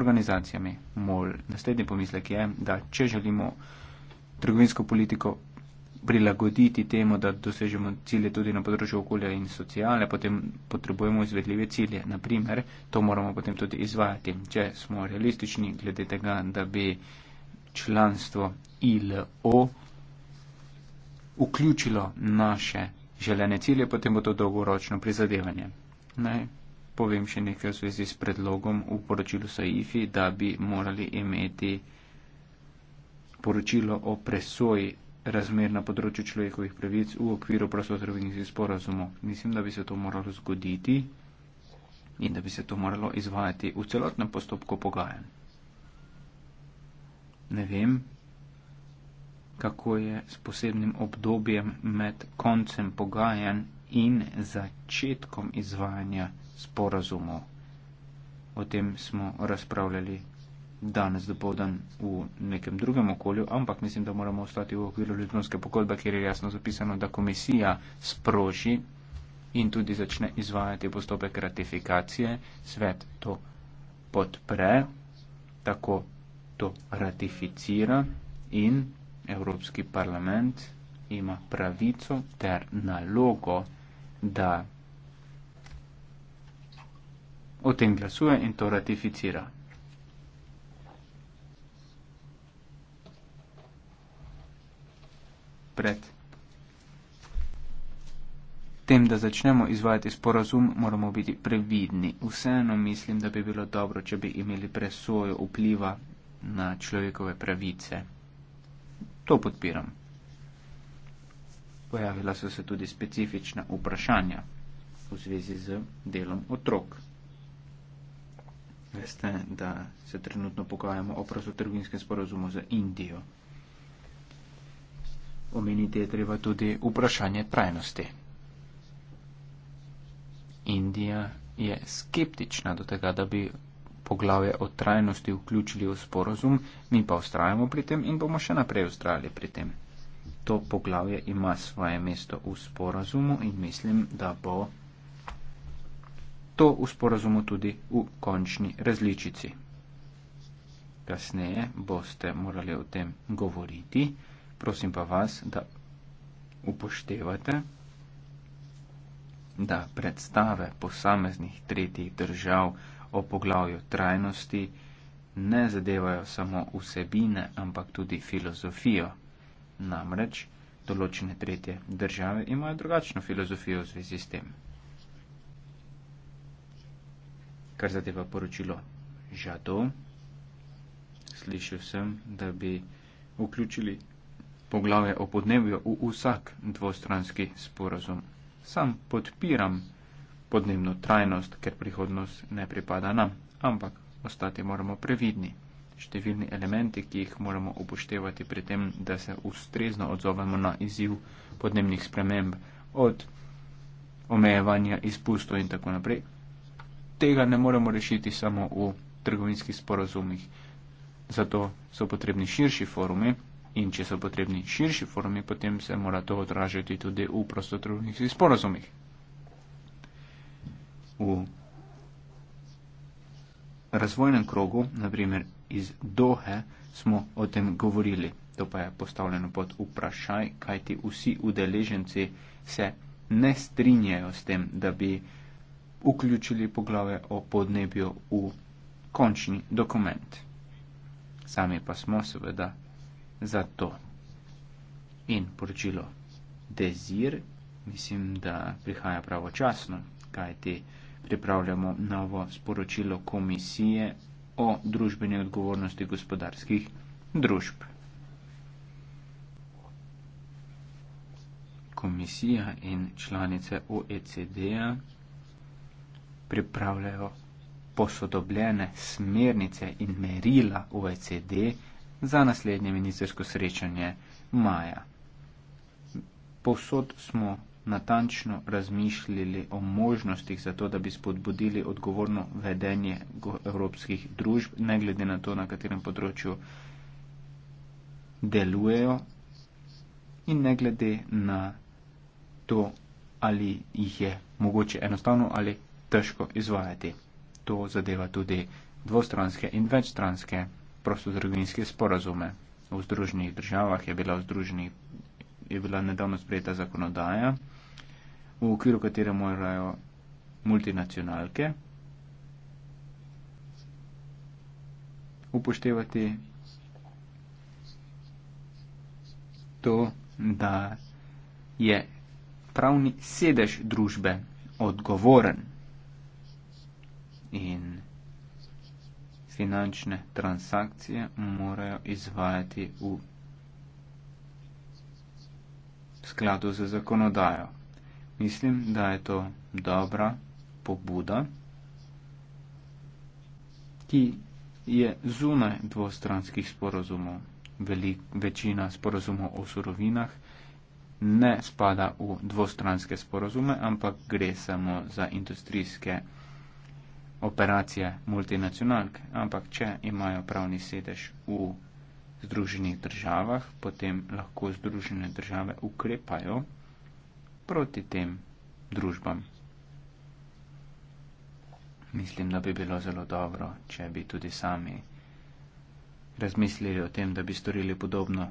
organizacijami. Mol naslednji pomislek je, da če želimo trgovinsko politiko prilagoditi temu, da dosežemo cilje tudi na področju okolja in socijale, potem potrebujemo izvedljive cilje. Naprimer, to moramo potem tudi izvajati. Če smo realistični glede tega, da bi članstvo ILO vključilo naše želene cilje, potem bo to dolgoročno prizadevanje. Ne? Povem še nekaj v zvezi s predlogom v poročilu SAIFI, da bi morali imeti poročilo o presoji razmer na področju človekovih pravic v okviru prostotrovinskih sporazumov. Mislim, da bi se to moralo zgoditi in da bi se to moralo izvajati v celotnem postopku pogajanj. Ne vem, kako je s posebnim obdobjem med koncem pogajanj in začetkom izvajanja sporazumov. O tem smo razpravljali danes dopoldan v nekem drugem okolju, ampak mislim, da moramo ostati v okviru Lizbonske pokolbe, kjer je jasno zapisano, da komisija sproži in tudi začne izvajati postopek ratifikacije, svet to podpre, tako to ratificira in Evropski parlament ima pravico ter nalogo, da o tem glasuje in to ratificira. Pred tem, da začnemo izvajati sporazum, moramo biti previdni. Vseeno mislim, da bi bilo dobro, če bi imeli presojo vpliva na človekove pravice. To podpiram. Pojavila so se tudi specifična vprašanja v zvezi z delom otrok. Veste, da se trenutno pogajamo o prostotrgovinskem sporozumu z Indijo. Omeniti je treba tudi vprašanje trajnosti. Indija je skeptična do tega, da bi poglavje o trajnosti vključili v sporozum, mi pa ustrajamo pri tem in bomo še naprej ustrajali pri tem. To poglavje ima svoje mesto v sporozumu in mislim, da bo to v sporozumu tudi v končni različici. Kasneje boste morali o tem govoriti, prosim pa vas, da upoštevate, da predstave posameznih tretjih držav o poglavju trajnosti ne zadevajo samo vsebine, ampak tudi filozofijo. Namreč določene tretje države imajo drugačno filozofijo v zvezi s tem. Kar zadeva poročilo Žado, slišal sem, da bi vključili poglavje o podnebju v vsak dvostranski sporazum. Sam podpiram podnebno trajnost, ker prihodnost ne pripada nam, ampak ostati moramo previdni. Številni elementi, ki jih moramo upoštevati pri tem, da se ustrezno odzovemo na izziv podnebnih sprememb, od omejevanja izpustov in tako naprej, tega ne moremo rešiti samo v trgovinskih sporozumih. Zato so potrebni širši forumi in če so potrebni širši forumi, potem se mora to odražati tudi v prostotrgovinskih sporozumih v razvojnem krogu, naprimer iz Dohe, smo o tem govorili. To pa je postavljeno pod vprašaj, kajti vsi udeleženci se ne strinjajo s tem, da bi vključili poglave o podnebju v končni dokument. Sami pa smo seveda za to. In poročilo Dezir, mislim, da prihaja pravočasno, kajti pripravljamo novo sporočilo komisije o družbeni odgovornosti gospodarskih družb. Komisija in članice OECD-a pripravljajo posodobljene smernice in merila OECD za naslednje ministersko srečanje maja. Posod smo natančno razmišljali o možnostih za to, da bi spodbudili odgovorno vedenje evropskih družb, ne glede na to, na katerem področju delujejo in ne glede na to, ali jih je mogoče enostavno ali težko izvajati. To zadeva tudi dvostranske in večstranske prostotrgovinske sporazume. V združenih državah je bila, združenih, je bila nedavno sprejeta zakonodaja, v okviru katere morajo multinacionalke upoštevati to, da je pravni sedež družbe odgovoren in finančne transakcije morajo izvajati v skladu z zakonodajo. Mislim, da je to dobra pobuda, ki je zunaj dvostranskih sporozumov. Velik, večina sporozumov o surovinah ne spada v dvostranske sporozume, ampak gre samo za industrijske operacije multinacionalk. Ampak, če imajo pravni sedež v Združenih državah, potem lahko Združene države ukrepajo proti tem družbam. Mislim, da bi bilo zelo dobro, če bi tudi sami razmislili o tem, da bi storili podobno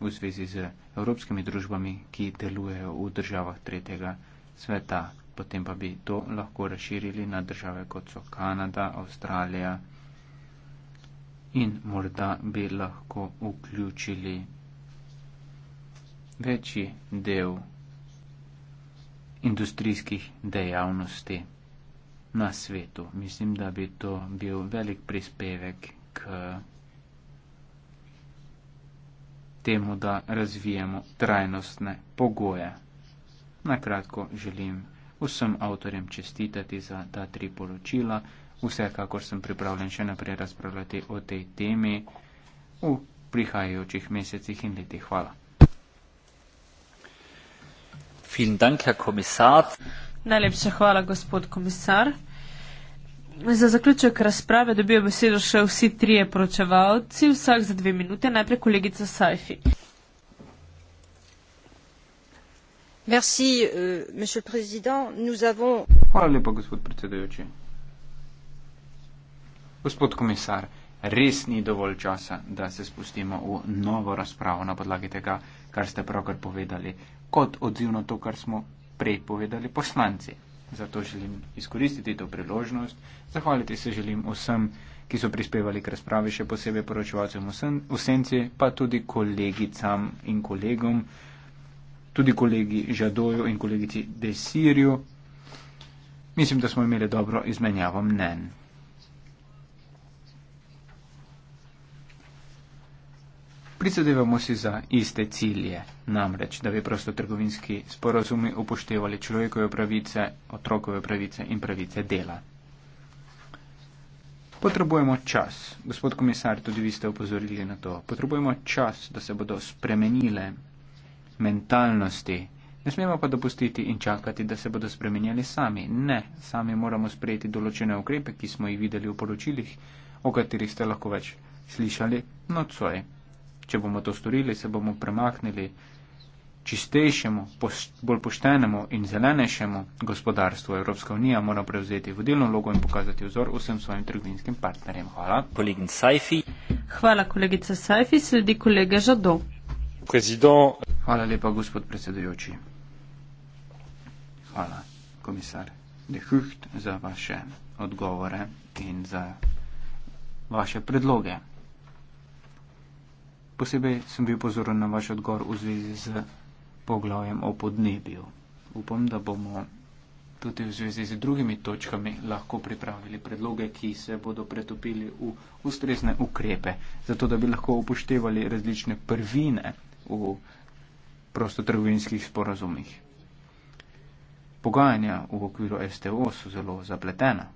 v zvezi z evropskimi družbami, ki delujejo v državah tretjega sveta. Potem pa bi to lahko razširili na države kot so Kanada, Avstralija in morda bi lahko vključili večji del industrijskih dejavnosti na svetu. Mislim, da bi to bil velik prispevek k temu, da razvijemo trajnostne pogoje. Na kratko želim vsem avtorjem čestitati za ta tri poročila. Vsekakor sem pripravljen še naprej razpravljati o tej temi v prihajajočih mesecih in letih. Hvala. Vielen Dank, Herr Kommissar. Najlepša hvala, gospod komisar. Za zaključek razprave dobijo besedo še vsi trije poročevalci, vsak za dve minute, najprej kolegica Sajfi. Merci, euh, monsieur président. Nous avons... Hvala lepa, gospod predsedujoči. Gospod komisar, res ni dovolj časa, da se spustimo v novo razpravo na podlagi tega, kar ste pravkar povedali kot odziv na to, kar smo prej povedali poslanci. Zato želim izkoristiti to priložnost. Zahvaliti se želim vsem, ki so prispevali k razpravi, še posebej poročevalcem v senci, pa tudi kolegicam in kolegom, tudi kolegi Žadoju in kolegici Desirju. Mislim, da smo imeli dobro izmenjavo mnen. prizadevamo si za iste cilje, namreč, da bi prostotrgovinski sporozumi upoštevali človekove pravice, otrokove pravice in pravice dela. Potrebujemo čas, gospod komisar, tudi vi ste upozorili na to, potrebujemo čas, da se bodo spremenile mentalnosti. Ne smemo pa dopustiti in čakati, da se bodo spremenjali sami. Ne, sami moramo sprejeti določene ukrepe, ki smo jih videli v poročilih, o katerih ste lahko več slišali nocoj če bomo to storili, se bomo premaknili čistejšemu, bolj poštenemu in zelenejšemu gospodarstvu. Evropska unija mora prevzeti vodilno vlogo in pokazati vzor vsem svojim trgovinskim partnerjem. Hvala. Hvala, kolegica Sajfi. Sledi kolega Žado. Hvala lepa, gospod predsedujoči. Hvala, komisar De Hucht, za vaše odgovore in za vaše predloge. Posebej sem bil pozoren na vaš odgovor v zvezi z poglavjem o podnebju. Upam, da bomo tudi v zvezi z drugimi točkami lahko pripravili predloge, ki se bodo pretopili v ustrezne ukrepe, zato da bi lahko upoštevali različne prvine v prostotrgovinskih sporazumih. Pogajanja v okviru STO so zelo zapletena.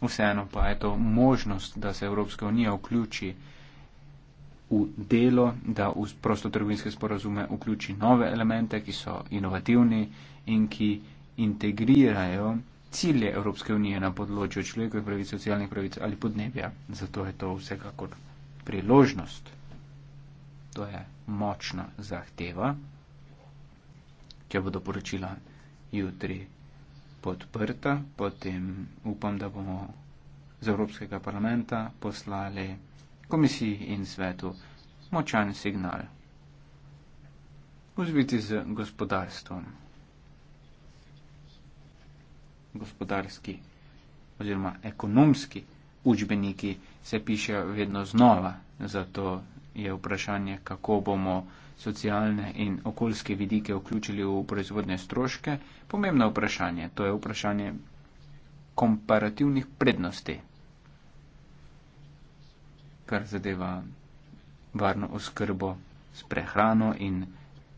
vseeno pa je to možnost, da se Evropska unija vključi v delo, da v prostotrgovinske sporazume vključi nove elemente, ki so inovativni in ki integrirajo cilje Evropske unije na področju človekovih pravic, socialnih pravic ali podnebja. Zato je to vsekakor priložnost. To je močna zahteva, če bodo poročila jutri podprta, potem upam, da bomo z Evropskega parlamenta poslali komisiji in svetu močan signal. Uzviti z gospodarstvom. Gospodarski oziroma ekonomski učbeniki se pišejo vedno znova, zato je vprašanje, kako bomo socialne in okoljske vidike vključili v proizvodne stroške, pomembno vprašanje. To je vprašanje komparativnih prednosti, kar zadeva varno oskrbo s prehrano in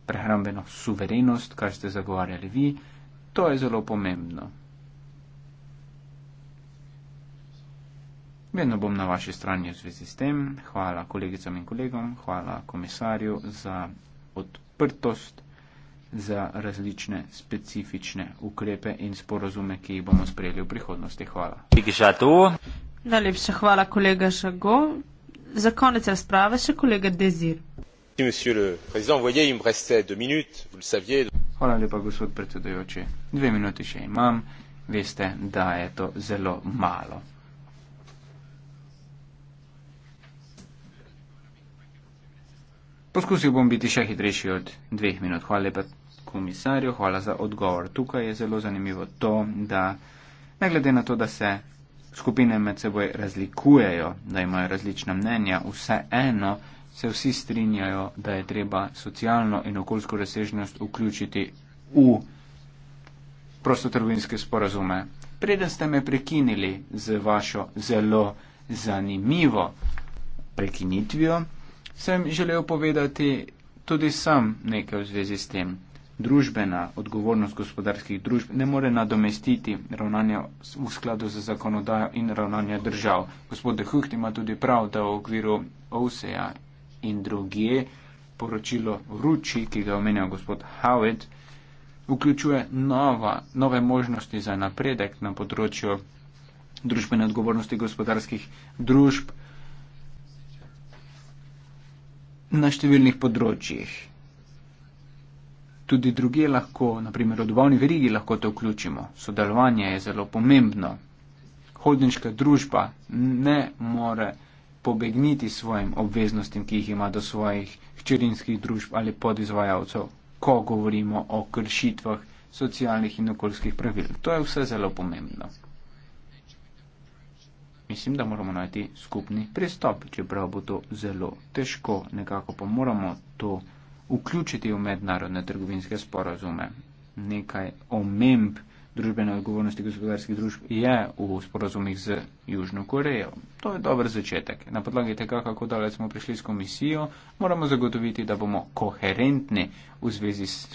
prehrambeno suverenost, kar ste zagovarjali vi. To je zelo pomembno. Vedno bom na vaši strani v zvezi s tem. Hvala kolegicam in kolegom, hvala komisarju za odprtost za različne specifične ukrepe in sporozume, ki jih bomo sprejeli v prihodnosti. Hvala. Najlepša hvala, kolega Žago. Za konec razprave še kolega Dezir. Hvala lepa, gospod predsedujoči. Dve minuti še imam. Veste, da je to zelo malo. Poskusil bom biti še hitrejši od dveh minut. Hvala lepa komisarju, hvala za odgovor. Tukaj je zelo zanimivo to, da ne glede na to, da se skupine med seboj razlikujejo, da imajo različna mnenja, vse eno se vsi strinjajo, da je treba socialno in okoljsko razsežnost vključiti v prostotrgovinske sporazume. Preden ste me prekinili z vašo zelo zanimivo prekinitvijo, sem želel povedati tudi sam nekaj v zvezi s tem. Družbena odgovornost gospodarskih družb ne more nadomestiti ravnanja v skladu z zakonodajo in ravnanja držav. Gospod De Hucht ima tudi prav, da v okviru OSEA in drugje poročilo Ruči, ki ga omenja gospod Howitt, vključuje nova, nove možnosti za napredek na področju družbene odgovornosti gospodarskih družb na številnih področjih. Tudi druge lahko, naprimer v dobavni verigi lahko to vključimo. Sodelovanje je zelo pomembno. Holdinška družba ne more pobegniti svojim obveznostim, ki jih ima do svojih hčerinskih družb ali podizvajalcev, ko govorimo o kršitvah socialnih in okoljskih pravil. To je vse zelo pomembno mislim, da moramo najti skupni pristop, čeprav bo to zelo težko. Nekako pa moramo to vključiti v mednarodne trgovinske sporazume. Nekaj omemb družbene odgovornosti gospodarskih družb je v sporazumih z Južno Korejo. To je dober začetek. Na podlagi tega, kako daleč smo prišli s komisijo, moramo zagotoviti, da bomo koherentni v zvezi s